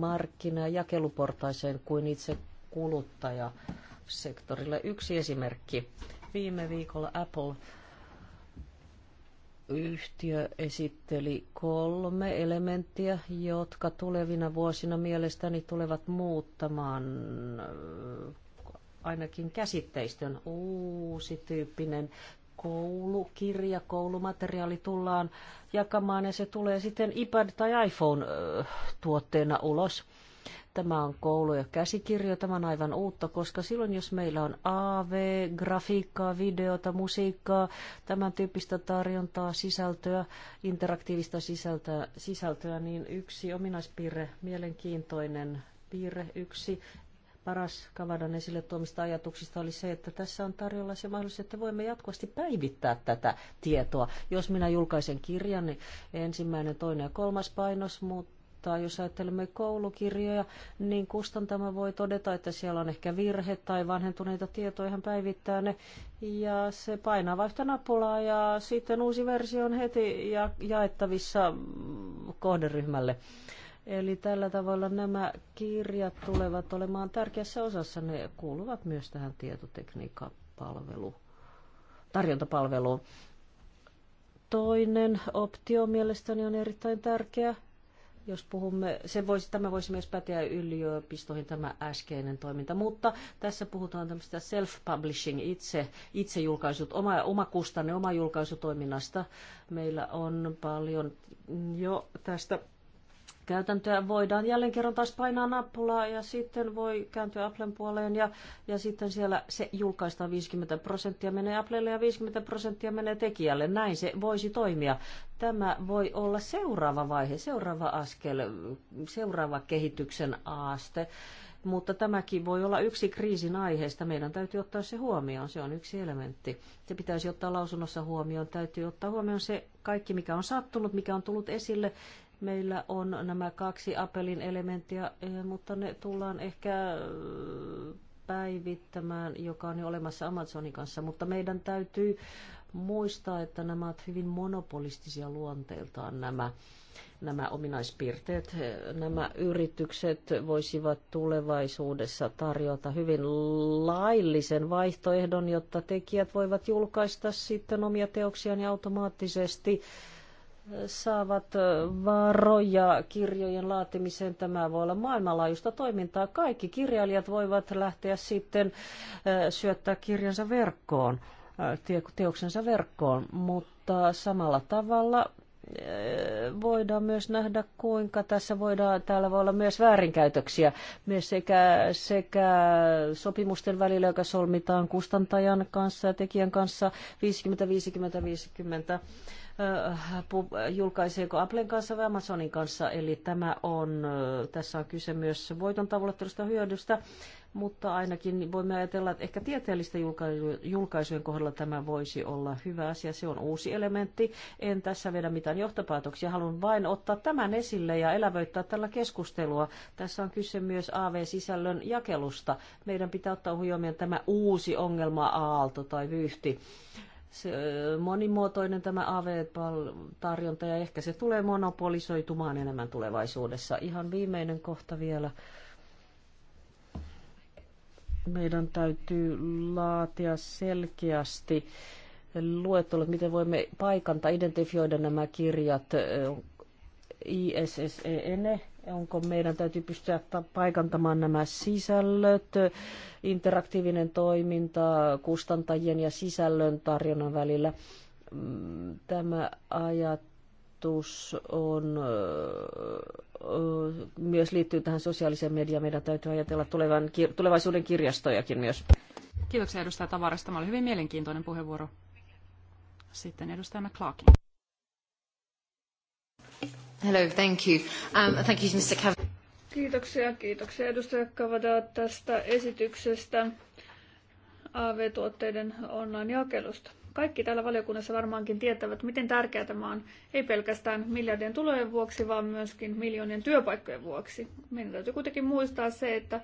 markkina- ja jakeluportaiseen kuin itse kuluttajasektorille. Yksi esimerkki. Viime viikolla Apple yhtiö esitteli kolme elementtiä, jotka tulevina vuosina mielestäni tulevat muuttamaan äh, ainakin käsitteistön uusi tyyppinen Koulu kirja, koulumateriaali tullaan jakamaan ja se tulee sitten iPad- tai iPhone-tuotteena ulos. Tämä on koulu- ja käsikirjo, tämä on aivan uutta, koska silloin jos meillä on AV, grafiikkaa, videota, musiikkaa, tämän tyyppistä tarjontaa, sisältöä, interaktiivista sisältöä, sisältöä niin yksi ominaispiirre, mielenkiintoinen piirre, yksi paras Kavadan esille tuomista ajatuksista oli se, että tässä on tarjolla se mahdollisuus, että voimme jatkuvasti päivittää tätä tietoa. Jos minä julkaisen kirjan, niin ensimmäinen, toinen ja kolmas painos, mutta tai jos ajattelemme koulukirjoja, niin kustantama voi todeta, että siellä on ehkä virhe tai vanhentuneita tietoja, hän päivittää ne ja se painaa vaihto napulaa ja sitten uusi versio on heti ja jaettavissa kohderyhmälle. Eli tällä tavalla nämä kirjat tulevat olemaan tärkeässä osassa. Ne kuuluvat myös tähän tietotekniikkapalveluun, tarjontapalveluun. Toinen optio mielestäni on erittäin tärkeä. Jos puhumme, se voisi, tämä voisi myös päteä yliopistoihin tämä äskeinen toiminta, mutta tässä puhutaan tämmöistä self-publishing, itse, itse julkaisut, oma, oma kustanne, oma julkaisutoiminnasta. Meillä on paljon jo tästä käytäntöä voidaan jälleen kerran taas painaa nappulaa ja sitten voi kääntyä Applen puoleen ja, ja sitten siellä se julkaistaan 50 prosenttia menee Applelle ja 50 prosenttia menee tekijälle. Näin se voisi toimia. Tämä voi olla seuraava vaihe, seuraava askel, seuraava kehityksen aaste. Mutta tämäkin voi olla yksi kriisin aiheesta. Meidän täytyy ottaa se huomioon. Se on yksi elementti. Se pitäisi ottaa lausunnossa huomioon. Täytyy ottaa huomioon se kaikki, mikä on sattunut, mikä on tullut esille, Meillä on nämä kaksi apelin elementtiä, eh, mutta ne tullaan ehkä eh, päivittämään, joka on jo olemassa Amazonin kanssa, mutta meidän täytyy muistaa, että nämä ovat hyvin monopolistisia luonteeltaan nämä, nämä ominaispiirteet. Eh, nämä yritykset voisivat tulevaisuudessa tarjota hyvin laillisen vaihtoehdon, jotta tekijät voivat julkaista sitten omia teoksiaan ja automaattisesti saavat varoja kirjojen laatimiseen. Tämä voi olla maailmanlaajuista toimintaa. Kaikki kirjailijat voivat lähteä sitten syöttää kirjansa verkkoon, teoksensa verkkoon, mutta samalla tavalla voidaan myös nähdä, kuinka tässä voidaan, täällä voi olla myös väärinkäytöksiä myös sekä, sekä sopimusten välillä, joka solmitaan kustantajan kanssa ja tekijän kanssa 50-50-50 Äh, julkaiseeko Applen kanssa vai Amazonin kanssa. Eli tämä on, äh, tässä on kyse myös voiton tavoittelusta hyödystä, mutta ainakin voimme ajatella, että ehkä tieteellistä julkaisujen kohdalla tämä voisi olla hyvä asia. Se on uusi elementti. En tässä vedä mitään johtopäätöksiä. Haluan vain ottaa tämän esille ja elävöittää tällä keskustelua. Tässä on kyse myös AV-sisällön jakelusta. Meidän pitää ottaa huomioon tämä uusi ongelma-aalto tai vyyhti se, monimuotoinen tämä AV-tarjonta ja ehkä se tulee monopolisoitumaan enemmän tulevaisuudessa. Ihan viimeinen kohta vielä. Meidän täytyy laatia selkeästi luettelo, miten voimme paikantaa, identifioida nämä kirjat ISSEN onko meidän täytyy pystyä paikantamaan nämä sisällöt, interaktiivinen toiminta kustantajien ja sisällön tarjonnan välillä. Mm, tämä ajatus on myös liittyy tähän sosiaaliseen mediaan. Meidän täytyy ajatella tulevan, tulevaisuuden kirjastojakin myös. Kiitoksia edustaja Tavarasta. Tämä oli hyvin mielenkiintoinen puheenvuoro. Sitten edustaja McClarkin. Hello, thank you. Um, thank you, Mr. Cav- Kiitoksia, kiitoksia edustaja Kavada tästä esityksestä AV-tuotteiden online-jakelusta. Kaikki täällä valiokunnassa varmaankin tietävät, miten tärkeää tämä on, ei pelkästään miljardien tulojen vuoksi, vaan myöskin miljoonien työpaikkojen vuoksi. Meidän täytyy kuitenkin muistaa se, että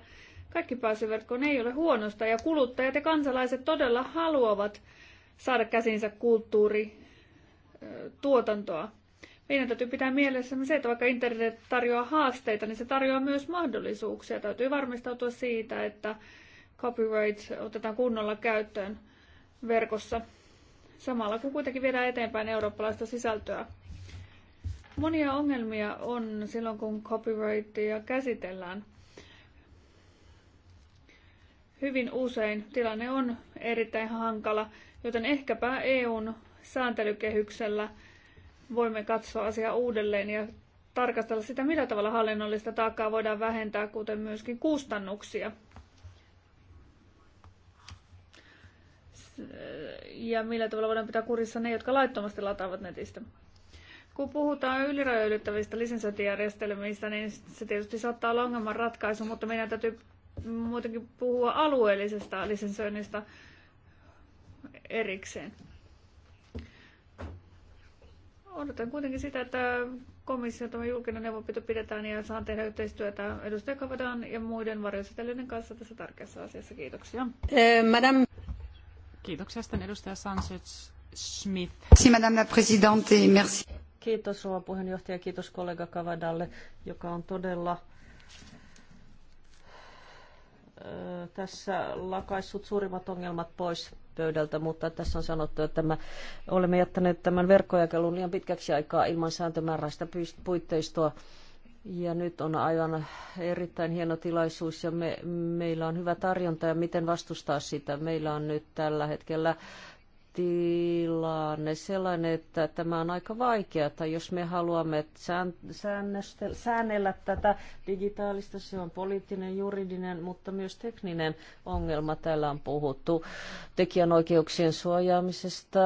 kaikki pääsyverkkoon ei ole huonosta ja kuluttajat ja kansalaiset todella haluavat saada käsinsä kulttuurituotantoa meidän täytyy pitää mielessä se, että vaikka internet tarjoaa haasteita, niin se tarjoaa myös mahdollisuuksia. Täytyy varmistautua siitä, että copyright otetaan kunnolla käyttöön verkossa samalla kun kuitenkin viedään eteenpäin eurooppalaista sisältöä. Monia ongelmia on silloin, kun copyrightia käsitellään. Hyvin usein tilanne on erittäin hankala, joten ehkäpä EUn sääntelykehyksellä – voimme katsoa asiaa uudelleen ja tarkastella sitä, millä tavalla hallinnollista taakkaa voidaan vähentää, kuten myöskin kustannuksia. Ja millä tavalla voidaan pitää kurissa ne, jotka laittomasti lataavat netistä. Kun puhutaan ylirajoittavista lisensointijärjestelmistä, niin se tietysti saattaa olla ongelman ratkaisu, mutta meidän täytyy muutenkin puhua alueellisesta lisensoinnista erikseen. Odotan kuitenkin sitä, että komissio tämä julkinen neuvonpito pidetään ja saan tehdä yhteistyötä edustaja Kavadan ja muiden varjoesittelyiden kanssa tässä tärkeässä asiassa. Kiitoksia. Eh, madame. Kiitoksia sitten edustaja Sanchez Smith. Merci, madame la présidente, merci. Kiitos rouva puheenjohtaja, kiitos kollega Kavadalle, joka on todella eh, tässä lakaissut suurimmat ongelmat pois pöydältä, mutta tässä on sanottu, että me olemme jättäneet tämän verkkojakelun liian pitkäksi aikaa ilman sääntömääräistä puitteistoa. Ja nyt on aivan erittäin hieno tilaisuus ja me, meillä on hyvä tarjonta ja miten vastustaa sitä. Meillä on nyt tällä hetkellä tilanne sellainen, että tämä on aika vaikeaa. Jos me haluamme säännellä tätä digitaalista, se on poliittinen, juridinen, mutta myös tekninen ongelma. Täällä on puhuttu tekijänoikeuksien suojaamisesta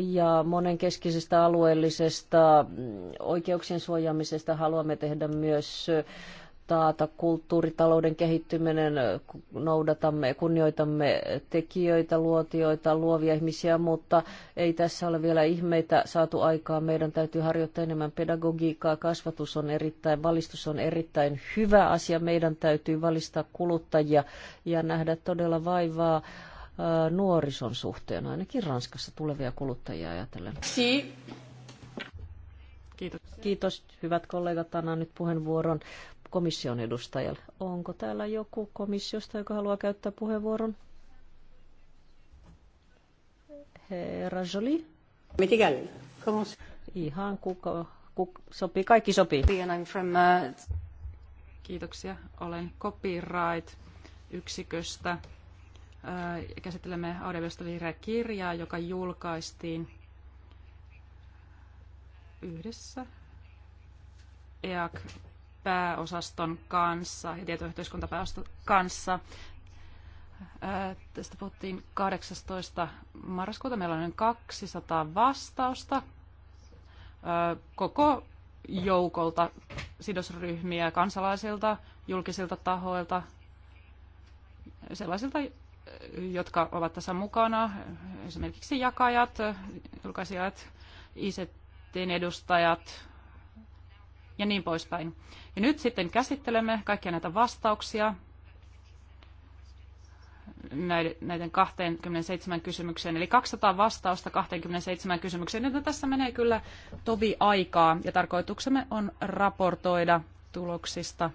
ja monenkeskisestä alueellisesta oikeuksien suojaamisesta. Haluamme tehdä myös taata kulttuuritalouden kehittyminen, noudatamme, kunnioitamme tekijöitä, luotioita, luovia ihmisiä, mutta ei tässä ole vielä ihmeitä saatu aikaa. Meidän täytyy harjoittaa enemmän pedagogiikkaa. Kasvatus on erittäin, valistus on erittäin hyvä asia. Meidän täytyy valistaa kuluttajia ja nähdä todella vaivaa äh, nuorison suhteen, ainakin Ranskassa tulevia kuluttajia ajatellen. Si. Kiitos. Kiitos, hyvät kollegat. Annan nyt puheenvuoron komission edustajalle. Onko täällä joku komissiosta, joka haluaa käyttää puheenvuoron? Herra Jolie? Mitikäli? Ihan kuka, kuka, sopii, kaikki sopii. from, uh... Kiitoksia. Olen copyright-yksiköstä. Käsittelemme audiovisuaalista vihreää kirjaa, joka julkaistiin yhdessä EAC pääosaston kanssa ja tietoyhteiskuntapääosaston kanssa. Tästä puhuttiin 18. marraskuuta. Meillä on noin 200 vastausta koko joukolta sidosryhmiä, kansalaisilta, julkisilta tahoilta, sellaisilta, jotka ovat tässä mukana, esimerkiksi jakajat, julkaisijat, ict edustajat, ja niin poispäin. Ja nyt sitten käsittelemme kaikkia näitä vastauksia näiden 27 kysymykseen, eli 200 vastausta 27 kysymykseen, Nyt tässä menee kyllä tovi aikaa, ja tarkoituksemme on raportoida tuloksista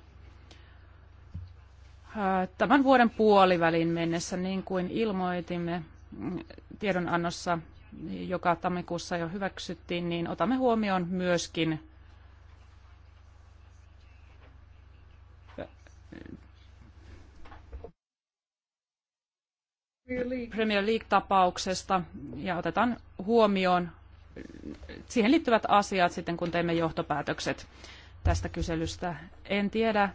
tämän vuoden puolivälin mennessä, niin kuin ilmoitimme tiedonannossa, joka tammikuussa jo hyväksyttiin, niin otamme huomioon myöskin Premier League-tapauksesta ja otetaan huomioon siihen liittyvät asiat sitten, kun teemme johtopäätökset tästä kyselystä. En tiedä,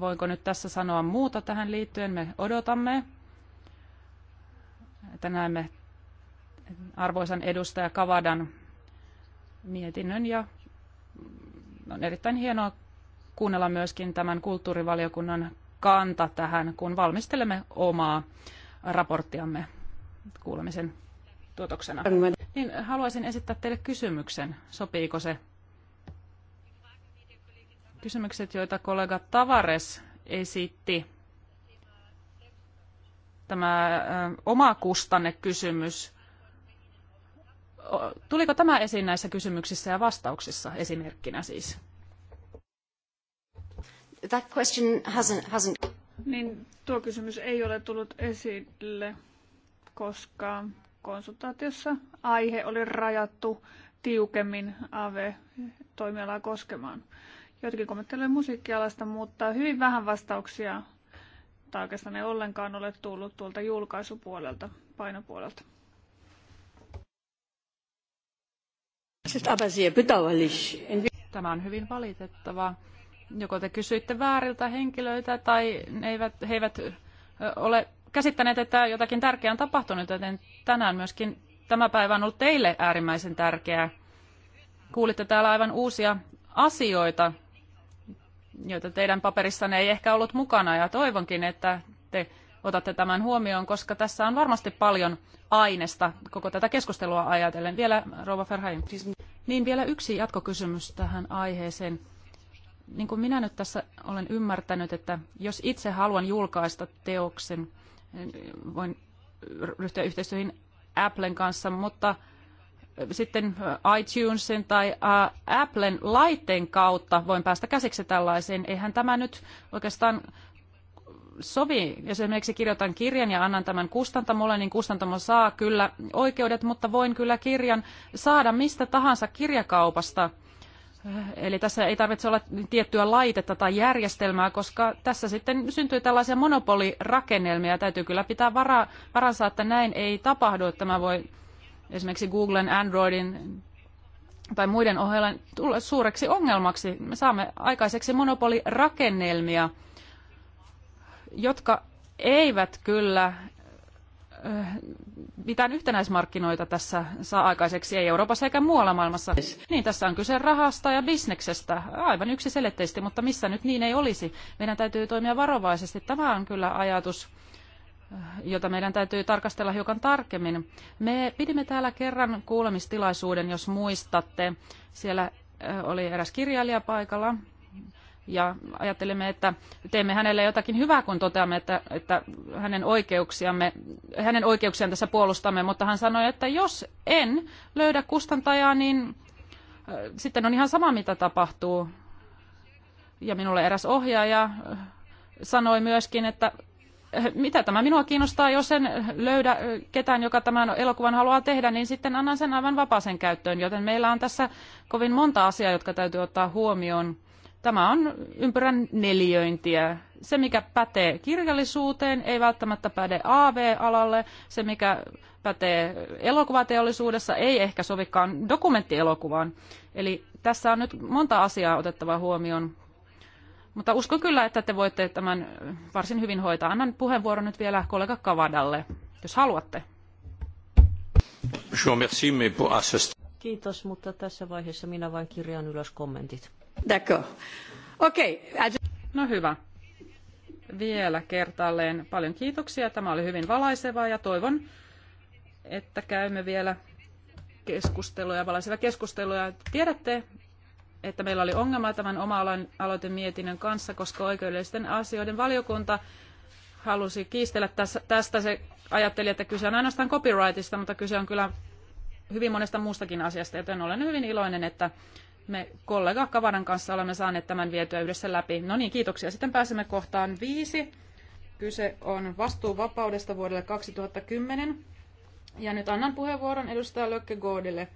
voinko nyt tässä sanoa muuta tähän liittyen. Me odotamme, että näemme arvoisan edustaja Kavadan mietinnön ja on erittäin hienoa kuunnella myöskin tämän kulttuurivaliokunnan kanta tähän, kun valmistelemme omaa raporttiamme kuulemisen tuotoksena. Niin haluaisin esittää teille kysymyksen. Sopiiko se? Kysymykset, joita kollega Tavares esitti. Tämä ö, oma kustannekysymys. Tuliko tämä esiin näissä kysymyksissä ja vastauksissa esimerkkinä siis? That question hasn't, hasn't niin tuo kysymys ei ole tullut esille, koska konsultaatiossa aihe oli rajattu tiukemmin AV-toimialaa koskemaan. Jotkin kommentteja musiikkialasta, mutta hyvin vähän vastauksia, tai oikeastaan ei ollenkaan ole tullut tuolta julkaisupuolelta, painopuolelta. Tämä on hyvin valitettavaa joko te kysyitte vääriltä henkilöitä tai ne eivät, he eivät ole käsittäneet, että jotakin tärkeää on tapahtunut, joten tänään myöskin tämä päivä on ollut teille äärimmäisen tärkeää. Kuulitte täällä aivan uusia asioita, joita teidän paperissanne ei ehkä ollut mukana ja toivonkin, että te otatte tämän huomioon, koska tässä on varmasti paljon ainesta koko tätä keskustelua ajatellen. Vielä, Rouva Ferhain. Niin vielä yksi jatkokysymys tähän aiheeseen niin kuin minä nyt tässä olen ymmärtänyt, että jos itse haluan julkaista teoksen, niin voin ryhtyä yhteistyöhön Applen kanssa, mutta sitten iTunesin tai Applen laitteen kautta voin päästä käsiksi tällaiseen. Eihän tämä nyt oikeastaan sovi, jos esimerkiksi kirjoitan kirjan ja annan tämän kustantamolle, niin kustantamo saa kyllä oikeudet, mutta voin kyllä kirjan saada mistä tahansa kirjakaupasta – Eli tässä ei tarvitse olla tiettyä laitetta tai järjestelmää, koska tässä sitten syntyy tällaisia monopolirakennelmia ja täytyy kyllä pitää vara, varansa, että näin ei tapahdu. Tämä voi esimerkiksi Googlen, Androidin tai muiden ohjelman tulla suureksi ongelmaksi. Me saamme aikaiseksi monopolirakennelmia, jotka eivät kyllä mitään yhtenäismarkkinoita tässä saa aikaiseksi, ei Euroopassa eikä muualla maailmassa. Niin, tässä on kyse rahasta ja bisneksestä, aivan yksiselitteisesti, mutta missä nyt niin ei olisi. Meidän täytyy toimia varovaisesti. Tämä on kyllä ajatus, jota meidän täytyy tarkastella hiukan tarkemmin. Me pidimme täällä kerran kuulemistilaisuuden, jos muistatte. Siellä oli eräs kirjailija paikalla, ja ajattelemme, että teemme hänelle jotakin hyvää, kun toteamme, että, että hänen, oikeuksiamme, hänen oikeuksiaan tässä puolustamme, mutta hän sanoi, että jos en löydä kustantajaa, niin äh, sitten on ihan sama, mitä tapahtuu. Ja minulle eräs ohjaaja äh, sanoi myöskin, että äh, mitä tämä minua kiinnostaa, jos en löydä ketään, joka tämän elokuvan haluaa tehdä, niin sitten annan sen aivan vapaaseen käyttöön. Joten meillä on tässä kovin monta asiaa, jotka täytyy ottaa huomioon Tämä on ympyrän neljöintiä. Se, mikä pätee kirjallisuuteen, ei välttämättä päde AV-alalle. Se, mikä pätee elokuvateollisuudessa, ei ehkä sovikaan dokumenttielokuvaan. Eli tässä on nyt monta asiaa otettava huomioon. Mutta uskon kyllä, että te voitte tämän varsin hyvin hoitaa. Annan puheenvuoron nyt vielä kollega Kavadalle, jos haluatte. Kiitos, mutta tässä vaiheessa minä vain kirjaan ylös kommentit. Okei. No hyvä. Vielä kertaalleen paljon kiitoksia. Tämä oli hyvin valaisevaa ja toivon, että käymme vielä keskusteluja, valaisevia keskusteluja. Tiedätte, että meillä oli ongelma tämän oma-aloitemietinnön kanssa, koska oikeudellisten asioiden valiokunta halusi kiistellä tästä. Se ajatteli, että kyse on ainoastaan copyrightista, mutta kyse on kyllä hyvin monesta muustakin asiasta, joten olen hyvin iloinen, että me kollega Kavanan kanssa olemme saaneet tämän vietyä yhdessä läpi. No niin, kiitoksia. Sitten pääsemme kohtaan viisi. Kyse on vastuuvapaudesta vuodelle 2010. Ja nyt annan puheenvuoron edustaja Lökke Goodille.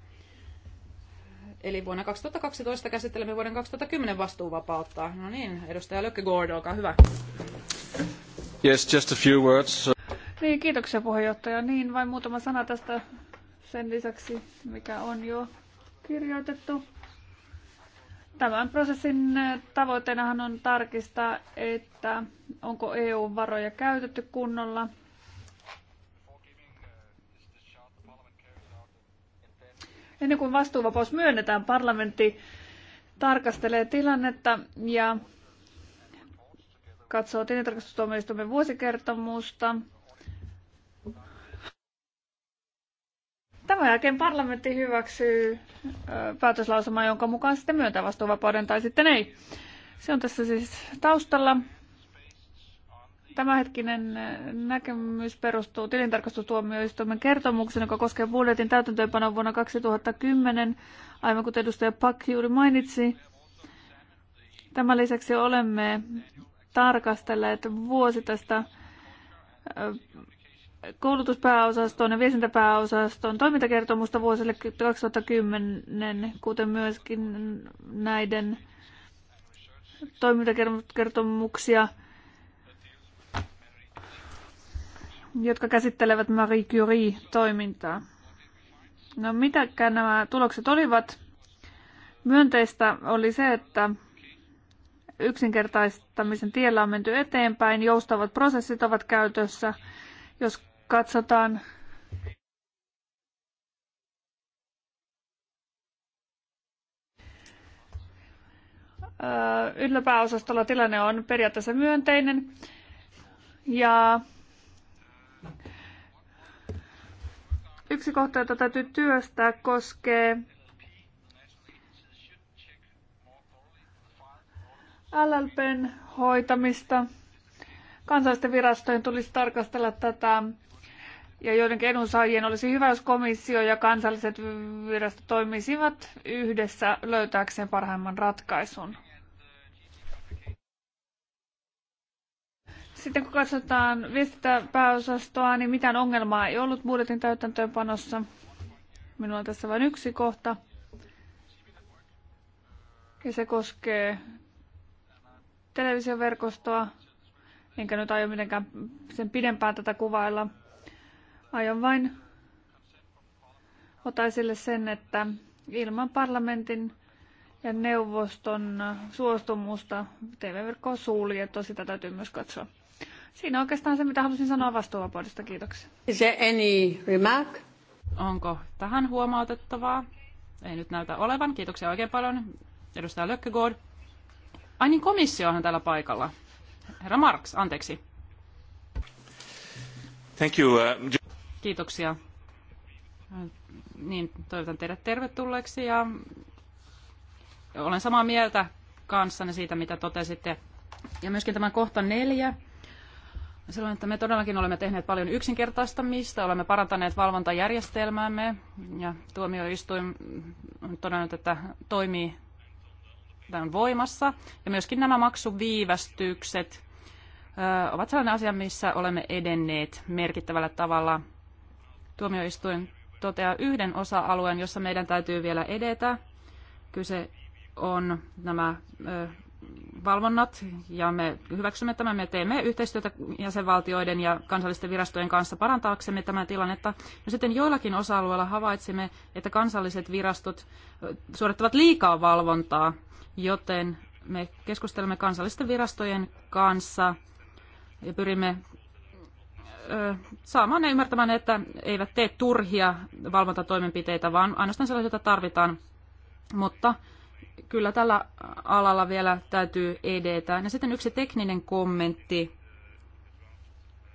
Eli vuonna 2012 käsittelemme vuoden 2010 vastuuvapautta. No niin, edustaja Lökke Gord, olkaa hyvä. Yes, just a few words. Niin, kiitoksia puheenjohtaja. Niin, vain muutama sana tästä sen lisäksi, mikä on jo kirjoitettu. Tämän prosessin tavoitteenahan on tarkistaa, että onko EU-varoja käytetty kunnolla. Ennen kuin vastuuvapaus myönnetään, parlamentti tarkastelee tilannetta ja katsoo tilintarkastustuomioistuimen vuosikertomusta Tämän jälkeen parlamentti hyväksyy päätöslausuman, jonka mukaan sitten myöntää vastuuvapauden tai sitten ei. Se on tässä siis taustalla. Tämänhetkinen näkemys perustuu tilintarkastustuomioistuimen kertomukseen, joka koskee budjetin täytäntöönpanoa vuonna 2010, aivan kuten edustaja Pak juuri mainitsi. Tämän lisäksi olemme tarkastelleet tästä koulutuspääosaston ja viestintäpääosaston toimintakertomusta vuosille 2010, kuten myöskin näiden toimintakertomuksia, jotka käsittelevät Marie Curie-toimintaa. No mitäkä nämä tulokset olivat? Myönteistä oli se, että yksinkertaistamisen tiellä on menty eteenpäin, joustavat prosessit ovat käytössä, jos katsotaan Ylläpääosastolla tilanne on periaatteessa myönteinen. Ja yksi kohta, jota täytyy työstää, koskee LLPn hoitamista. Kansallisten virastojen tulisi tarkastella tätä ja joidenkin edunsaajien olisi hyvä, jos komissio ja kansalliset virastot toimisivat yhdessä löytääkseen parhaimman ratkaisun. Sitten kun katsotaan viestintäpääosastoa, niin mitään ongelmaa ei ollut budjetin täytäntöönpanossa. Minulla on tässä vain yksi kohta. Ja se koskee televisioverkostoa. Enkä nyt aio mitenkään sen pidempään tätä kuvailla. Aion vain ottaa esille sen, että ilman parlamentin ja neuvoston suostumusta TV-verkko on suljettu. Sitä täytyy myös katsoa. Siinä oikeastaan se, mitä halusin sanoa vastuuvapaudesta. Kiitoksia. Is there any remark? Onko tähän huomautettavaa? Ei nyt näytä olevan. Kiitoksia oikein paljon. Edustaja Lökkegård. Ai niin, komissio on täällä paikalla. Herra Marx, anteeksi. Thank you. Uh, Kiitoksia. Niin, toivotan teidät tervetulleeksi ja olen samaa mieltä kanssanne siitä, mitä totesitte. Ja myöskin tämän kohta neljä. Silloin, että me todellakin olemme tehneet paljon yksinkertaistamista, olemme parantaneet valvontajärjestelmäämme ja tuomioistuin on todennut, että toimii tämän voimassa. Ja myöskin nämä maksuviivästykset ö, ovat sellainen asia, missä olemme edenneet merkittävällä tavalla – Tuomioistuin toteaa yhden osa-alueen, jossa meidän täytyy vielä edetä. Kyse on nämä valvonnat ja me hyväksymme tämän, me teemme yhteistyötä jäsenvaltioiden ja kansallisten virastojen kanssa parantaaksemme tämän tilannetta. Ja sitten joillakin osa-alueilla havaitsimme, että kansalliset virastot suorittavat liikaa valvontaa, joten me keskustelemme kansallisten virastojen kanssa ja pyrimme saamaan ne ymmärtämään, että eivät tee turhia valvontatoimenpiteitä, vaan ainoastaan sellaisia, joita tarvitaan. Mutta kyllä tällä alalla vielä täytyy edetä. Ja sitten yksi tekninen kommentti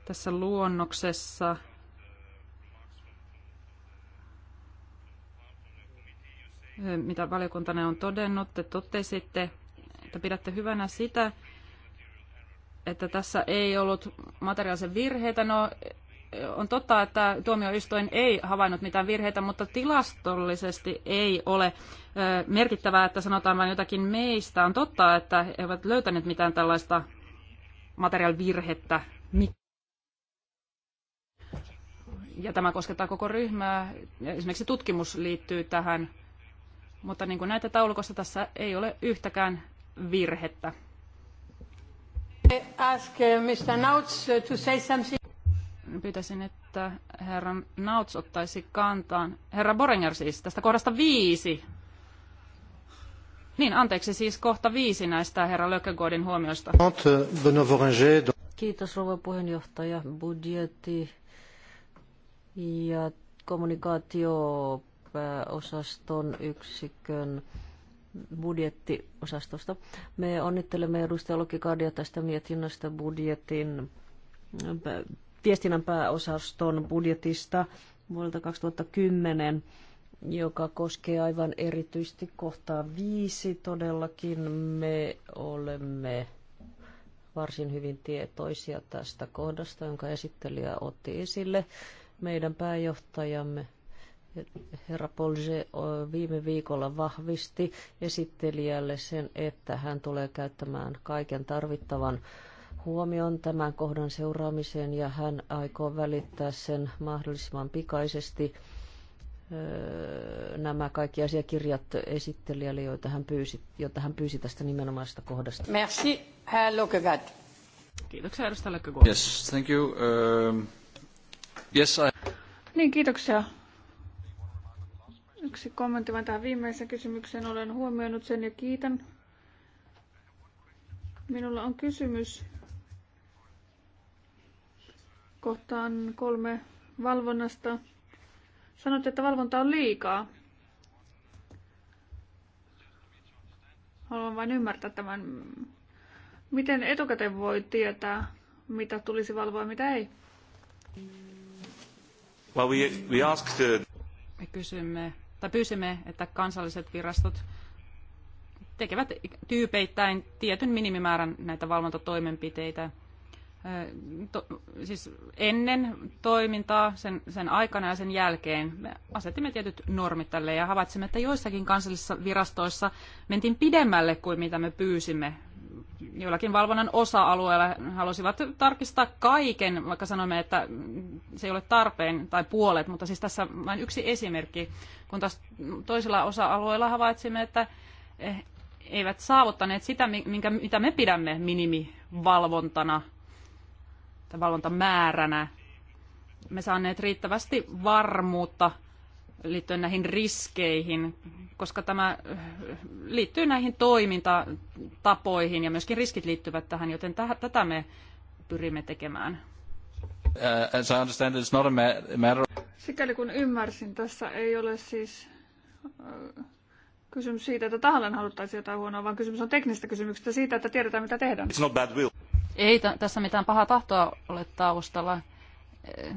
tässä luonnoksessa. Mitä valiokuntanne on todennut, te totesitte, että pidätte hyvänä sitä, että tässä ei ollut materiaalisen virheitä. No, on totta, että tuomioistuin ei havainnut mitään virheitä, mutta tilastollisesti ei ole merkittävää, että sanotaan vain jotakin meistä. On totta, että he eivät löytäneet mitään tällaista materiaalivirhettä. Ja tämä koskettaa koko ryhmää. Esimerkiksi tutkimus liittyy tähän, mutta niin kuin näitä taulukossa tässä ei ole yhtäkään virhettä. Ask uh, Mr. Nauts uh, to say something. Pyytäisin, että herra Nauts ottaisi kantaan. Herra Borenger siis, tästä kohdasta viisi. Niin, anteeksi, siis kohta viisi näistä herra Lökkegoodin huomioista. Kiitos rouva puheenjohtaja. Budjetti ja osaston yksikön budjettiosastosta. Me onnittelemme edustaja Lokikadia tästä mietinnöstä budjetin viestinnän pääosaston budjetista vuodelta 2010, joka koskee aivan erityisesti kohtaa viisi. Todellakin me olemme varsin hyvin tietoisia tästä kohdasta, jonka esittelijä otti esille. Meidän pääjohtajamme herra Polge viime viikolla vahvisti esittelijälle sen, että hän tulee käyttämään kaiken tarvittavan huomion tämän kohdan seuraamiseen ja hän aikoo välittää sen mahdollisimman pikaisesti nämä kaikki asiakirjat esittelijälle, joita hän pyysi, joita hän pyysi tästä nimenomaisesta kohdasta. Merci, herr Lokegaard. Kiitoksia, edustaja Yes, thank you. Uh, yes, I... Niin, kiitoksia. Yksi kommentti vaan tähän viimeiseen kysymykseen. Olen huomioinut sen ja kiitän. Minulla on kysymys kohtaan kolme valvonnasta. Sanoit, että valvonta on liikaa. Haluan vain ymmärtää tämän. Miten etukäteen voi tietää, mitä tulisi valvoa ja mitä ei? Well, we, we asked the... Me kysymme tai pyysimme, että kansalliset virastot tekevät tyypeittäin tietyn minimimäärän näitä valvontatoimenpiteitä to, siis ennen toimintaa, sen, sen aikana ja sen jälkeen me asetimme tietyt normit tälle ja havaitsimme, että joissakin kansallisissa virastoissa mentiin pidemmälle kuin mitä me pyysimme joillakin valvonnan osa-alueella halusivat tarkistaa kaiken, vaikka sanoimme, että se ei ole tarpeen tai puolet, mutta siis tässä vain yksi esimerkki, kun taas toisella osa-alueella havaitsimme, että eh, eivät saavuttaneet sitä, minkä, mitä me pidämme minimivalvontana tai valvontamääränä. Me saaneet riittävästi varmuutta liittyen näihin riskeihin, koska tämä äh, liittyy näihin toimintatapoihin ja myöskin riskit liittyvät tähän, joten tätä me pyrimme tekemään. Uh, Sikäli kun ymmärsin, tässä ei ole siis äh, kysymys siitä, että tahallaan haluttaisiin jotain huonoa, vaan kysymys on teknistä kysymyksestä siitä, että tiedetään mitä tehdään. Ei tässä mitään pahaa tahtoa ole taustalla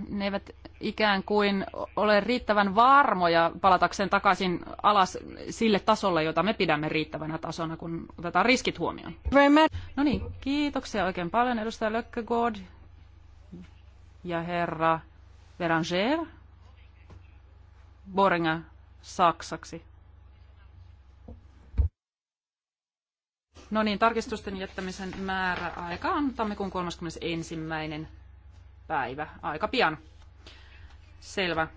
ne eivät ikään kuin ole riittävän varmoja palatakseen takaisin alas sille tasolle, jota me pidämme riittävänä tasona, kun otetaan riskit huomioon. No niin, kiitoksia oikein paljon edustaja Lökkegård ja herra Veranger. Borenga saksaksi. No niin, tarkistusten jättämisen määräaika on tammikuun 31 päivä aika pian. Selvä.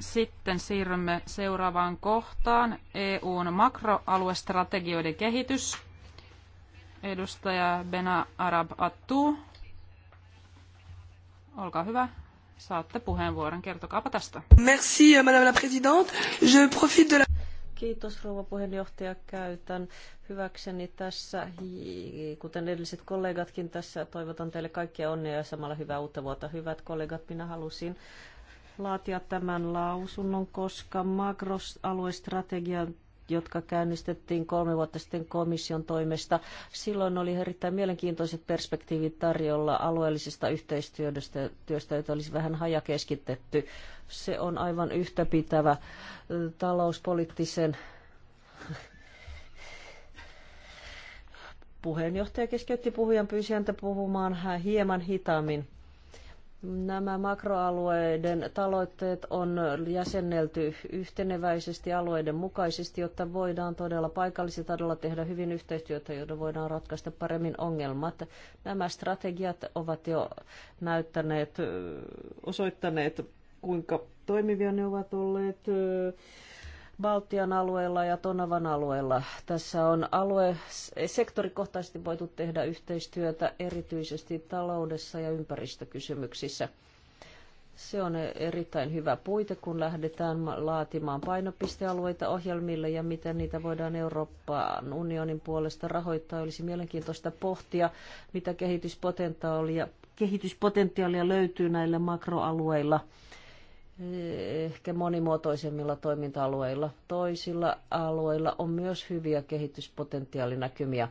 Sitten siirrymme seuraavaan kohtaan, EUn makroaluestrategioiden kehitys. Edustaja Bena Arab Attu, olkaa hyvä. Saatte puheenvuoron. Kertokaapa tästä. Merci, madame la présidente. Je profite de la... Kiitos rouva puheenjohtaja. Käytän hyväkseni tässä, kuten edelliset kollegatkin tässä, toivotan teille kaikkia onnea ja samalla hyvää uutta vuotta. Hyvät kollegat, minä halusin laatia tämän lausunnon, koska makroaluestrategian jotka käynnistettiin kolme vuotta sitten komission toimesta. Silloin oli erittäin mielenkiintoiset perspektiivit tarjolla alueellisesta yhteistyöstä, työstä, jota olisi vähän hajakeskitetty. Se on aivan yhtä pitävä talouspoliittisen puheenjohtaja keskeytti puhujan pyysi häntä puhumaan hieman hitaammin. Nämä makroalueiden taloitteet on jäsennelty yhteneväisesti alueiden mukaisesti, jotta voidaan todella tasolla tehdä hyvin yhteistyötä, jotta voidaan ratkaista paremmin ongelmat. Nämä strategiat ovat jo näyttäneet, osoittaneet, kuinka toimivia ne ovat olleet Baltian alueella ja Tonavan alueella. Tässä on alue, sektorikohtaisesti voitu tehdä yhteistyötä erityisesti taloudessa ja ympäristökysymyksissä. Se on erittäin hyvä puite, kun lähdetään laatimaan painopistealueita ohjelmille ja miten niitä voidaan Euroopan unionin puolesta rahoittaa. Olisi mielenkiintoista pohtia, mitä kehityspotentiaalia, kehityspotentiaalia löytyy näillä makroalueilla ehkä monimuotoisemmilla toiminta-alueilla. Toisilla alueilla on myös hyviä kehityspotentiaalinäkymiä.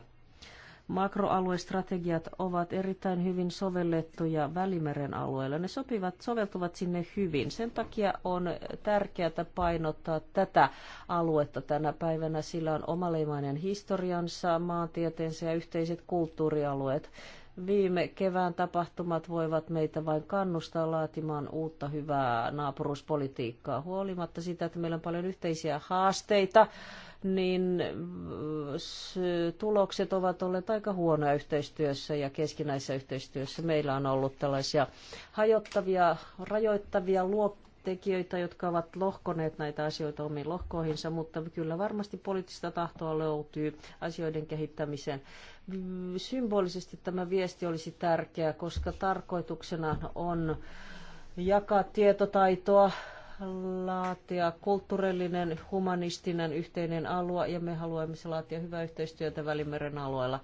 Makroaluestrategiat ovat erittäin hyvin sovellettuja Välimeren alueella. Ne sopivat, soveltuvat sinne hyvin. Sen takia on tärkeää painottaa tätä aluetta tänä päivänä. Sillä on omaleimainen historiansa, maantieteensä ja yhteiset kulttuurialueet. Viime kevään tapahtumat voivat meitä vain kannustaa laatimaan uutta hyvää naapuruuspolitiikkaa. Huolimatta siitä, että meillä on paljon yhteisiä haasteita, niin tulokset ovat olleet aika huonoja yhteistyössä ja keskinäisessä yhteistyössä. Meillä on ollut tällaisia hajottavia, rajoittavia luokkia tekijöitä, jotka ovat lohkoneet näitä asioita omiin lohkoihinsa, mutta kyllä varmasti poliittista tahtoa löytyy asioiden kehittämiseen. Symbolisesti tämä viesti olisi tärkeä, koska tarkoituksena on jakaa tietotaitoa, laatia kulttuurillinen, humanistinen yhteinen alue ja me haluamme laatia hyvää yhteistyötä Välimeren alueella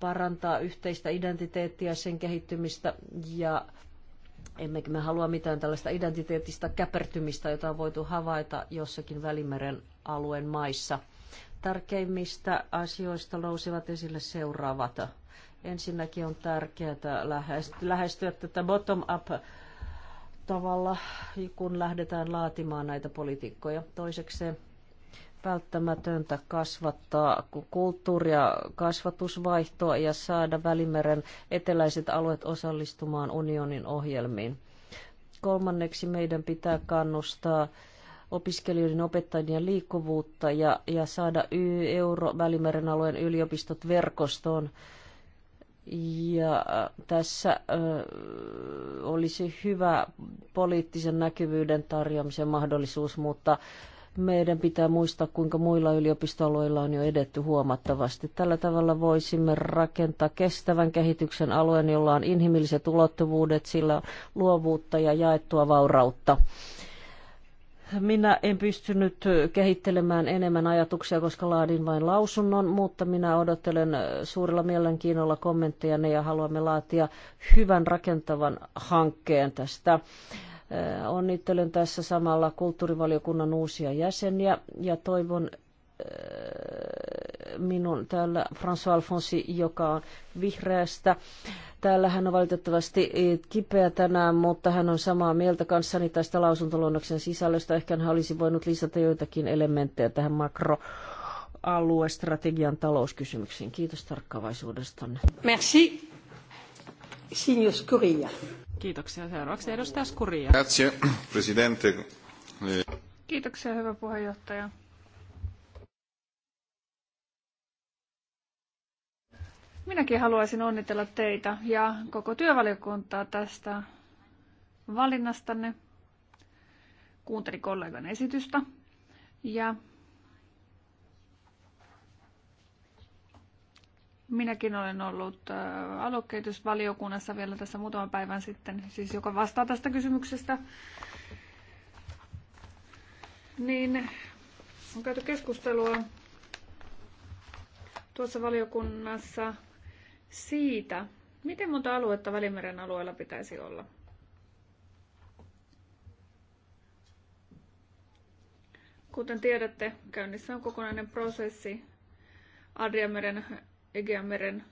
parantaa yhteistä identiteettiä, sen kehittymistä ja Emmekä me halua mitään tällaista identiteettistä käpertymistä, jota on voitu havaita jossakin Välimeren alueen maissa. Tärkeimmistä asioista nousivat esille seuraavat. Ensinnäkin on tärkeää lähestyä tätä bottom-up tavalla, kun lähdetään laatimaan näitä politiikkoja. Toisekseen välttämätöntä kasvattaa kulttuuria, kasvatusvaihtoa ja saada Välimeren eteläiset alueet osallistumaan unionin ohjelmiin. Kolmanneksi meidän pitää kannustaa opiskelijoiden opettajien liikkuvuutta ja, ja saada Euro-Välimeren alueen yliopistot verkostoon. Ja tässä ö, olisi hyvä poliittisen näkyvyyden tarjoamisen mahdollisuus, mutta meidän pitää muistaa, kuinka muilla yliopistoalueilla on jo edetty huomattavasti. Tällä tavalla voisimme rakentaa kestävän kehityksen alueen, jolla on inhimilliset ulottuvuudet, sillä luovuutta ja jaettua vaurautta. Minä en pystynyt kehittelemään enemmän ajatuksia, koska laadin vain lausunnon, mutta minä odottelen suurella mielenkiinnolla kommentteja ja haluamme laatia hyvän rakentavan hankkeen tästä Äh, onnittelen tässä samalla kulttuurivaliokunnan uusia jäseniä ja toivon äh, minun täällä François Alfonsi, joka on vihreästä. Täällä hän on valitettavasti kipeä tänään, mutta hän on samaa mieltä kanssani tästä lausuntoluonnoksen sisällöstä. Ehkä hän olisi voinut lisätä joitakin elementtejä tähän makro strategian talouskysymyksiin. Kiitos tarkkaavaisuudestanne. Merci. Signor Scuria. Kiitoksia. Seuraavaksi edustaja Skuria. Grazie, presidente. Kiitoksia, hyvä puheenjohtaja. Minäkin haluaisin onnitella teitä ja koko työvaliokuntaa tästä valinnastanne. Kuuntelin kollegan esitystä ja Minäkin olen ollut äh, aluekehitysvaliokunnassa vielä tässä muutaman päivän sitten, siis joka vastaa tästä kysymyksestä. Niin on käyty keskustelua tuossa valiokunnassa siitä, miten monta aluetta Välimeren alueella pitäisi olla. Kuten tiedätte, käynnissä on kokonainen prosessi Adriameren Egeanmeren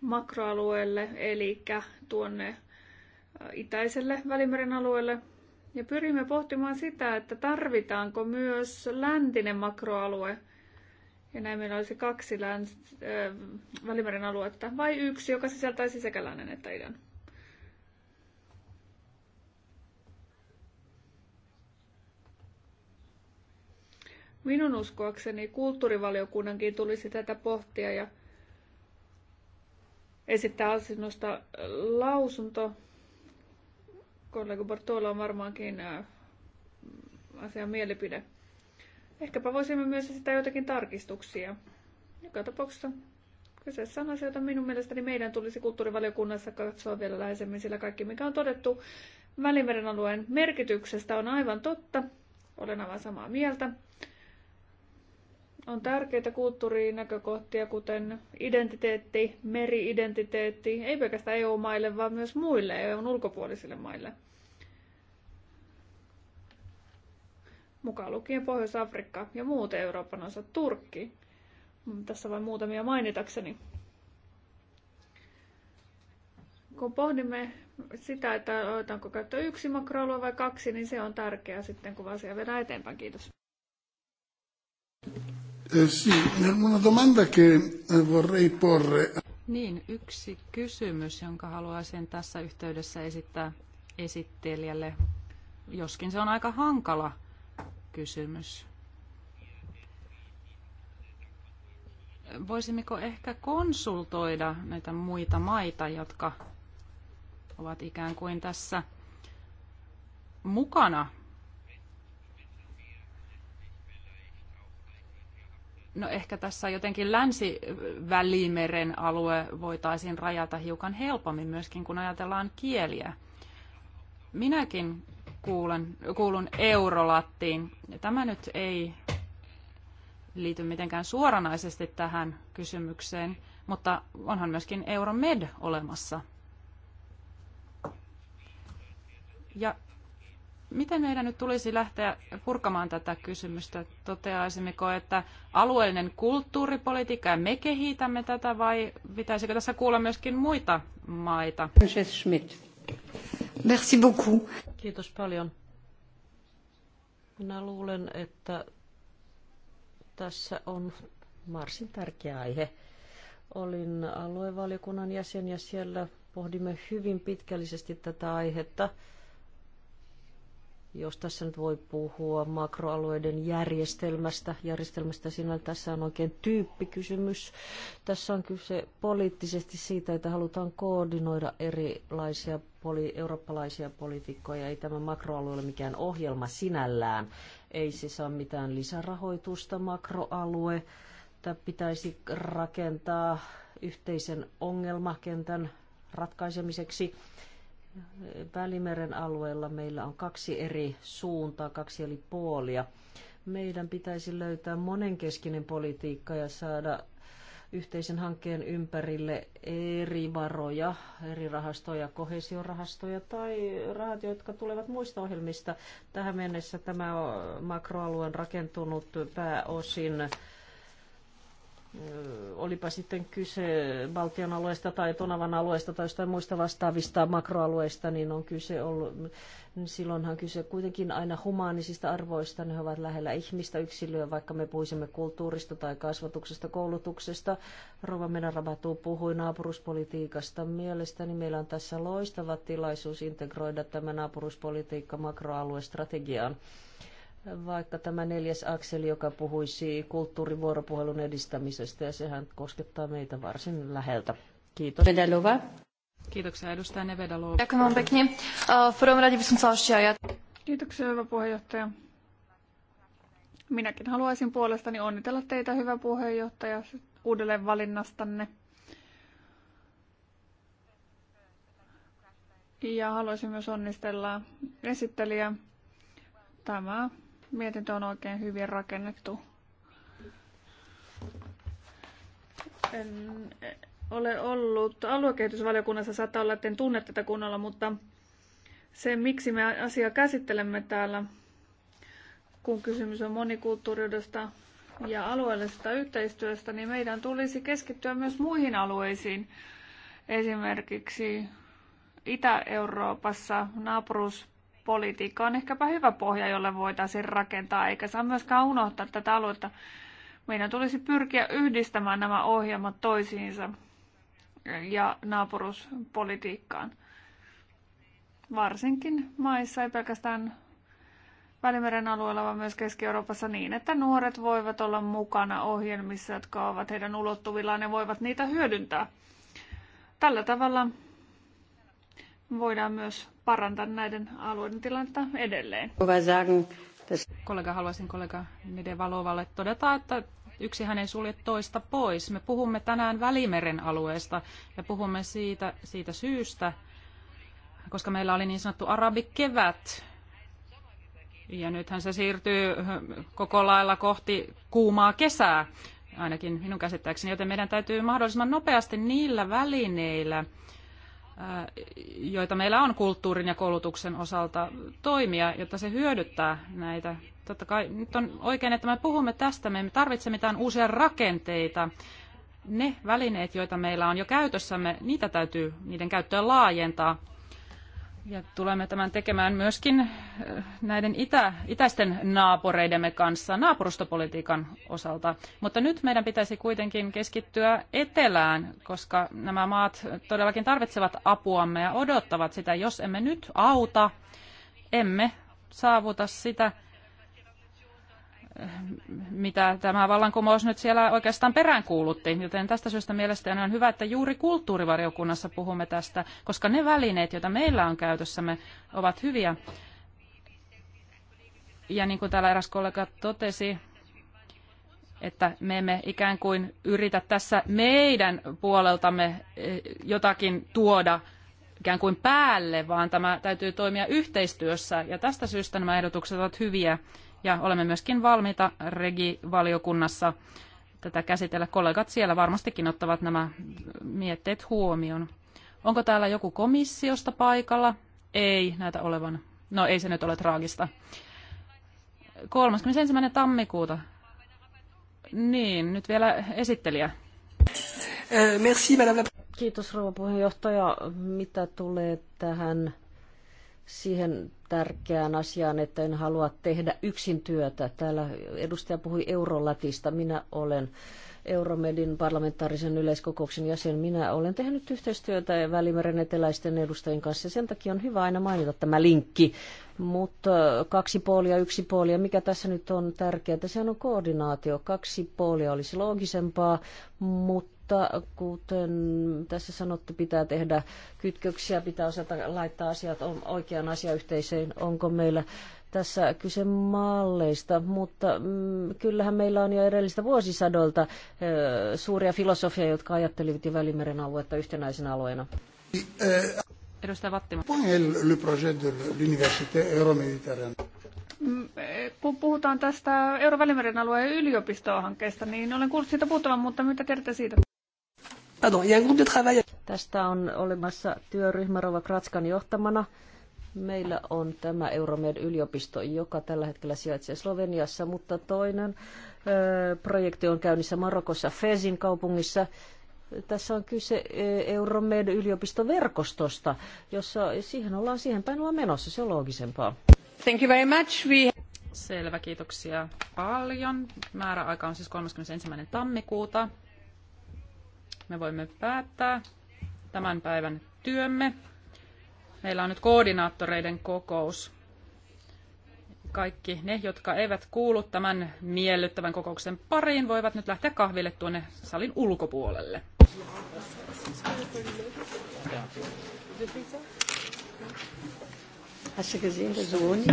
makroalueelle, eli tuonne äh, itäiselle Välimeren alueelle. Ja pyrimme pohtimaan sitä, että tarvitaanko myös läntinen makroalue, ja näin meillä olisi kaksi läns, äh, Välimeren aluetta, vai yksi, joka sisältäisi sekä lännen että idän. Minun uskoakseni kulttuurivaliokunnankin tulisi tätä pohtia ja esittää asinnosta äh, lausunto. Kollega Bartolo on varmaankin äh, asian mielipide. Ehkäpä voisimme myös esittää jotakin tarkistuksia. Joka tapauksessa kyseessä on asioita minun mielestäni meidän tulisi kulttuurivaliokunnassa katsoa vielä läheisemmin, sillä kaikki mikä on todettu Välimeren alueen merkityksestä on aivan totta. Olen aivan samaa mieltä on tärkeitä kulttuurinäkökohtia, kuten identiteetti, meri-identiteetti, ei pelkästään EU-maille, vaan myös muille EUn ulkopuolisille maille. Mukaan lukien Pohjois-Afrikka ja muut Euroopan osat Turkki. Mm, tässä vain muutamia mainitakseni. Kun pohdimme sitä, että otetaanko käyttää yksi makroalue vai kaksi, niin se on tärkeää sitten, kun asia vedään eteenpäin. Kiitos. Eh, sì, una domanda che eh, vorrei porre. Niin, yksi kysymys, jonka haluaisin tässä yhteydessä esittää esittelijälle, joskin se on aika hankala kysymys. Voisimmeko ehkä konsultoida näitä muita maita, jotka ovat ikään kuin tässä mukana No ehkä tässä jotenkin länsi-välimeren alue voitaisiin rajata hiukan helpommin myöskin, kun ajatellaan kieliä. Minäkin kuulen, kuulun eurolattiin. Tämä nyt ei liity mitenkään suoranaisesti tähän kysymykseen, mutta onhan myöskin Euromed olemassa. Ja Miten meidän nyt tulisi lähteä purkamaan tätä kysymystä? Toteaisimmeko, että alueellinen kulttuuripolitiikka ja me kehitämme tätä vai pitäisikö tässä kuulla myöskin muita maita? Schmidt. Merci beaucoup. Kiitos paljon. Minä luulen, että tässä on varsin tärkeä aihe. Olin aluevaliokunnan jäsen ja siellä pohdimme hyvin pitkällisesti tätä aihetta – jos tässä nyt voi puhua makroalueiden järjestelmästä, järjestelmästä sinä tässä on oikein tyyppikysymys. Tässä on kyse poliittisesti siitä, että halutaan koordinoida erilaisia poli- eurooppalaisia politiikkoja. Ei tämä makroalue ole mikään ohjelma sinällään. Ei se saa mitään lisärahoitusta makroalue. Tämä pitäisi rakentaa yhteisen ongelmakentän ratkaisemiseksi. Välimeren alueella meillä on kaksi eri suuntaa, kaksi eri puolia. Meidän pitäisi löytää monenkeskinen politiikka ja saada yhteisen hankkeen ympärille eri varoja, eri rahastoja, kohesiorahastoja tai rahat, jotka tulevat muista ohjelmista. Tähän mennessä tämä makroalue on rakentunut pääosin olipa sitten kyse Baltian alueesta tai Tonavan alueesta tai jostain muista vastaavista makroalueista, niin on kyse ollut, silloinhan kyse kuitenkin aina humaanisista arvoista, ne ovat lähellä ihmistä, yksilöä, vaikka me puhuisimme kulttuurista tai kasvatuksesta, koulutuksesta. Rova Menarabatu puhui naapuruspolitiikasta. Mielestäni meillä on tässä loistava tilaisuus integroida tämä naapuruspolitiikka makroaluestrategiaan. strategiaan vaikka tämä neljäs akseli, joka puhuisi kulttuurivuoropuhelun edistämisestä, ja sehän koskettaa meitä varsin läheltä. Kiitos. Vedalova. Kiitoksia edustaja Nevedalova. Kiitoksia, hyvä puheenjohtaja. Minäkin haluaisin puolestani onnitella teitä, hyvä puheenjohtaja, uudelleen valinnastanne. Ja haluaisin myös onnistella esittelijä. Tämä Mietintö on oikein hyvin rakennettu. En ole ollut aluekehitysvaliokunnassa, saattaa olla, että en tunne tätä kunnolla, mutta se, miksi me asiaa käsittelemme täällä, kun kysymys on monikulttuuriudesta ja alueellisesta yhteistyöstä, niin meidän tulisi keskittyä myös muihin alueisiin. Esimerkiksi Itä-Euroopassa, naapurus politiikka on ehkäpä hyvä pohja, jolle voitaisiin rakentaa, eikä saa myöskään unohtaa tätä aluetta. Meidän tulisi pyrkiä yhdistämään nämä ohjelmat toisiinsa ja naapuruspolitiikkaan. Varsinkin maissa, ei pelkästään Välimeren alueella, vaan myös Keski-Euroopassa niin, että nuoret voivat olla mukana ohjelmissa, jotka ovat heidän ulottuvillaan ja voivat niitä hyödyntää. Tällä tavalla voidaan myös parantaa näiden alueiden tilannetta edelleen. Kollega, haluaisin kollega Nede Valovalle todeta, että yksi hänen sulje toista pois. Me puhumme tänään Välimeren alueesta ja puhumme siitä, siitä syystä, koska meillä oli niin sanottu arabikevät. Ja nythän se siirtyy koko lailla kohti kuumaa kesää, ainakin minun käsittääkseni, joten meidän täytyy mahdollisimman nopeasti niillä välineillä, joita meillä on kulttuurin ja koulutuksen osalta toimia, jotta se hyödyttää näitä. Totta kai nyt on oikein, että me puhumme tästä, me emme tarvitse mitään uusia rakenteita. Ne välineet, joita meillä on jo käytössämme, niitä täytyy niiden käyttöä laajentaa. Ja tulemme tämän tekemään myöskin äh, näiden itä, itäisten naapureidemme kanssa naapurustopolitiikan osalta. Mutta nyt meidän pitäisi kuitenkin keskittyä etelään, koska nämä maat todellakin tarvitsevat apuamme ja odottavat sitä. Jos emme nyt auta, emme saavuta sitä, mitä tämä vallankumous nyt siellä oikeastaan peräänkuulutti. Joten tästä syystä mielestäni on hyvä, että juuri kulttuurivariokunnassa puhumme tästä, koska ne välineet, joita meillä on käytössämme, ovat hyviä. Ja niin kuin täällä eräs kollega totesi, että me emme ikään kuin yritä tässä meidän puoleltamme eh, jotakin tuoda ikään kuin päälle, vaan tämä täytyy toimia yhteistyössä. Ja tästä syystä nämä ehdotukset ovat hyviä ja olemme myöskin valmiita Regi-valiokunnassa tätä käsitellä. Kollegat siellä varmastikin ottavat nämä mietteet huomioon. Onko täällä joku komissiosta paikalla? Ei näitä olevan. No ei se nyt ole traagista. 31. tammikuuta. Niin, nyt vielä esittelijä. Eh, merci, madame Kiitos rouva puheenjohtaja. Mitä tulee tähän siihen tärkeään asiaan, että en halua tehdä yksin työtä. Täällä edustaja puhui Eurolatista. Minä olen Euromedin parlamentaarisen yleiskokouksen jäsen. Minä olen tehnyt yhteistyötä Välimeren eteläisten edustajien kanssa sen takia on hyvä aina mainita tämä linkki. Mutta kaksi puolia, yksi puolia, mikä tässä nyt on tärkeää, sehän on koordinaatio. Kaksi puolia olisi loogisempaa, mutta mutta kuten tässä sanottu, pitää tehdä kytköksiä, pitää osata laittaa asiat oikeaan asiayhteisöön. Onko meillä tässä kyse malleista, mutta mm, kyllähän meillä on jo edellistä vuosisadolta e, suuria filosofia, jotka ajattelivat jo Välimeren aluetta yhtenäisenä alueena. Edustaja Vattima. Mm, eh, kun puhutaan tästä Euro-Välimeren alueen yliopistohankkeesta, niin olen kuullut siitä puhuttavan, mutta mitä tiedätte siitä? Tästä on olemassa työryhmä Rova Kratskan johtamana. Meillä on tämä Euromed yliopisto, joka tällä hetkellä sijaitsee Sloveniassa, mutta toinen ö, projekti on käynnissä Marokossa Fezin kaupungissa. Tässä on kyse Euromed yliopistoverkostosta, jossa siihen ollaan siihen päin ollaan menossa, se on loogisempaa. Thank you very much. We... Selvä, kiitoksia paljon. Määräaika on siis 31. tammikuuta me voimme päättää tämän päivän työmme. Meillä on nyt koordinaattoreiden kokous. Kaikki ne, jotka eivät kuulu tämän miellyttävän kokouksen pariin, voivat nyt lähteä kahville tuonne salin ulkopuolelle. Hast du gesehen, der Sohn?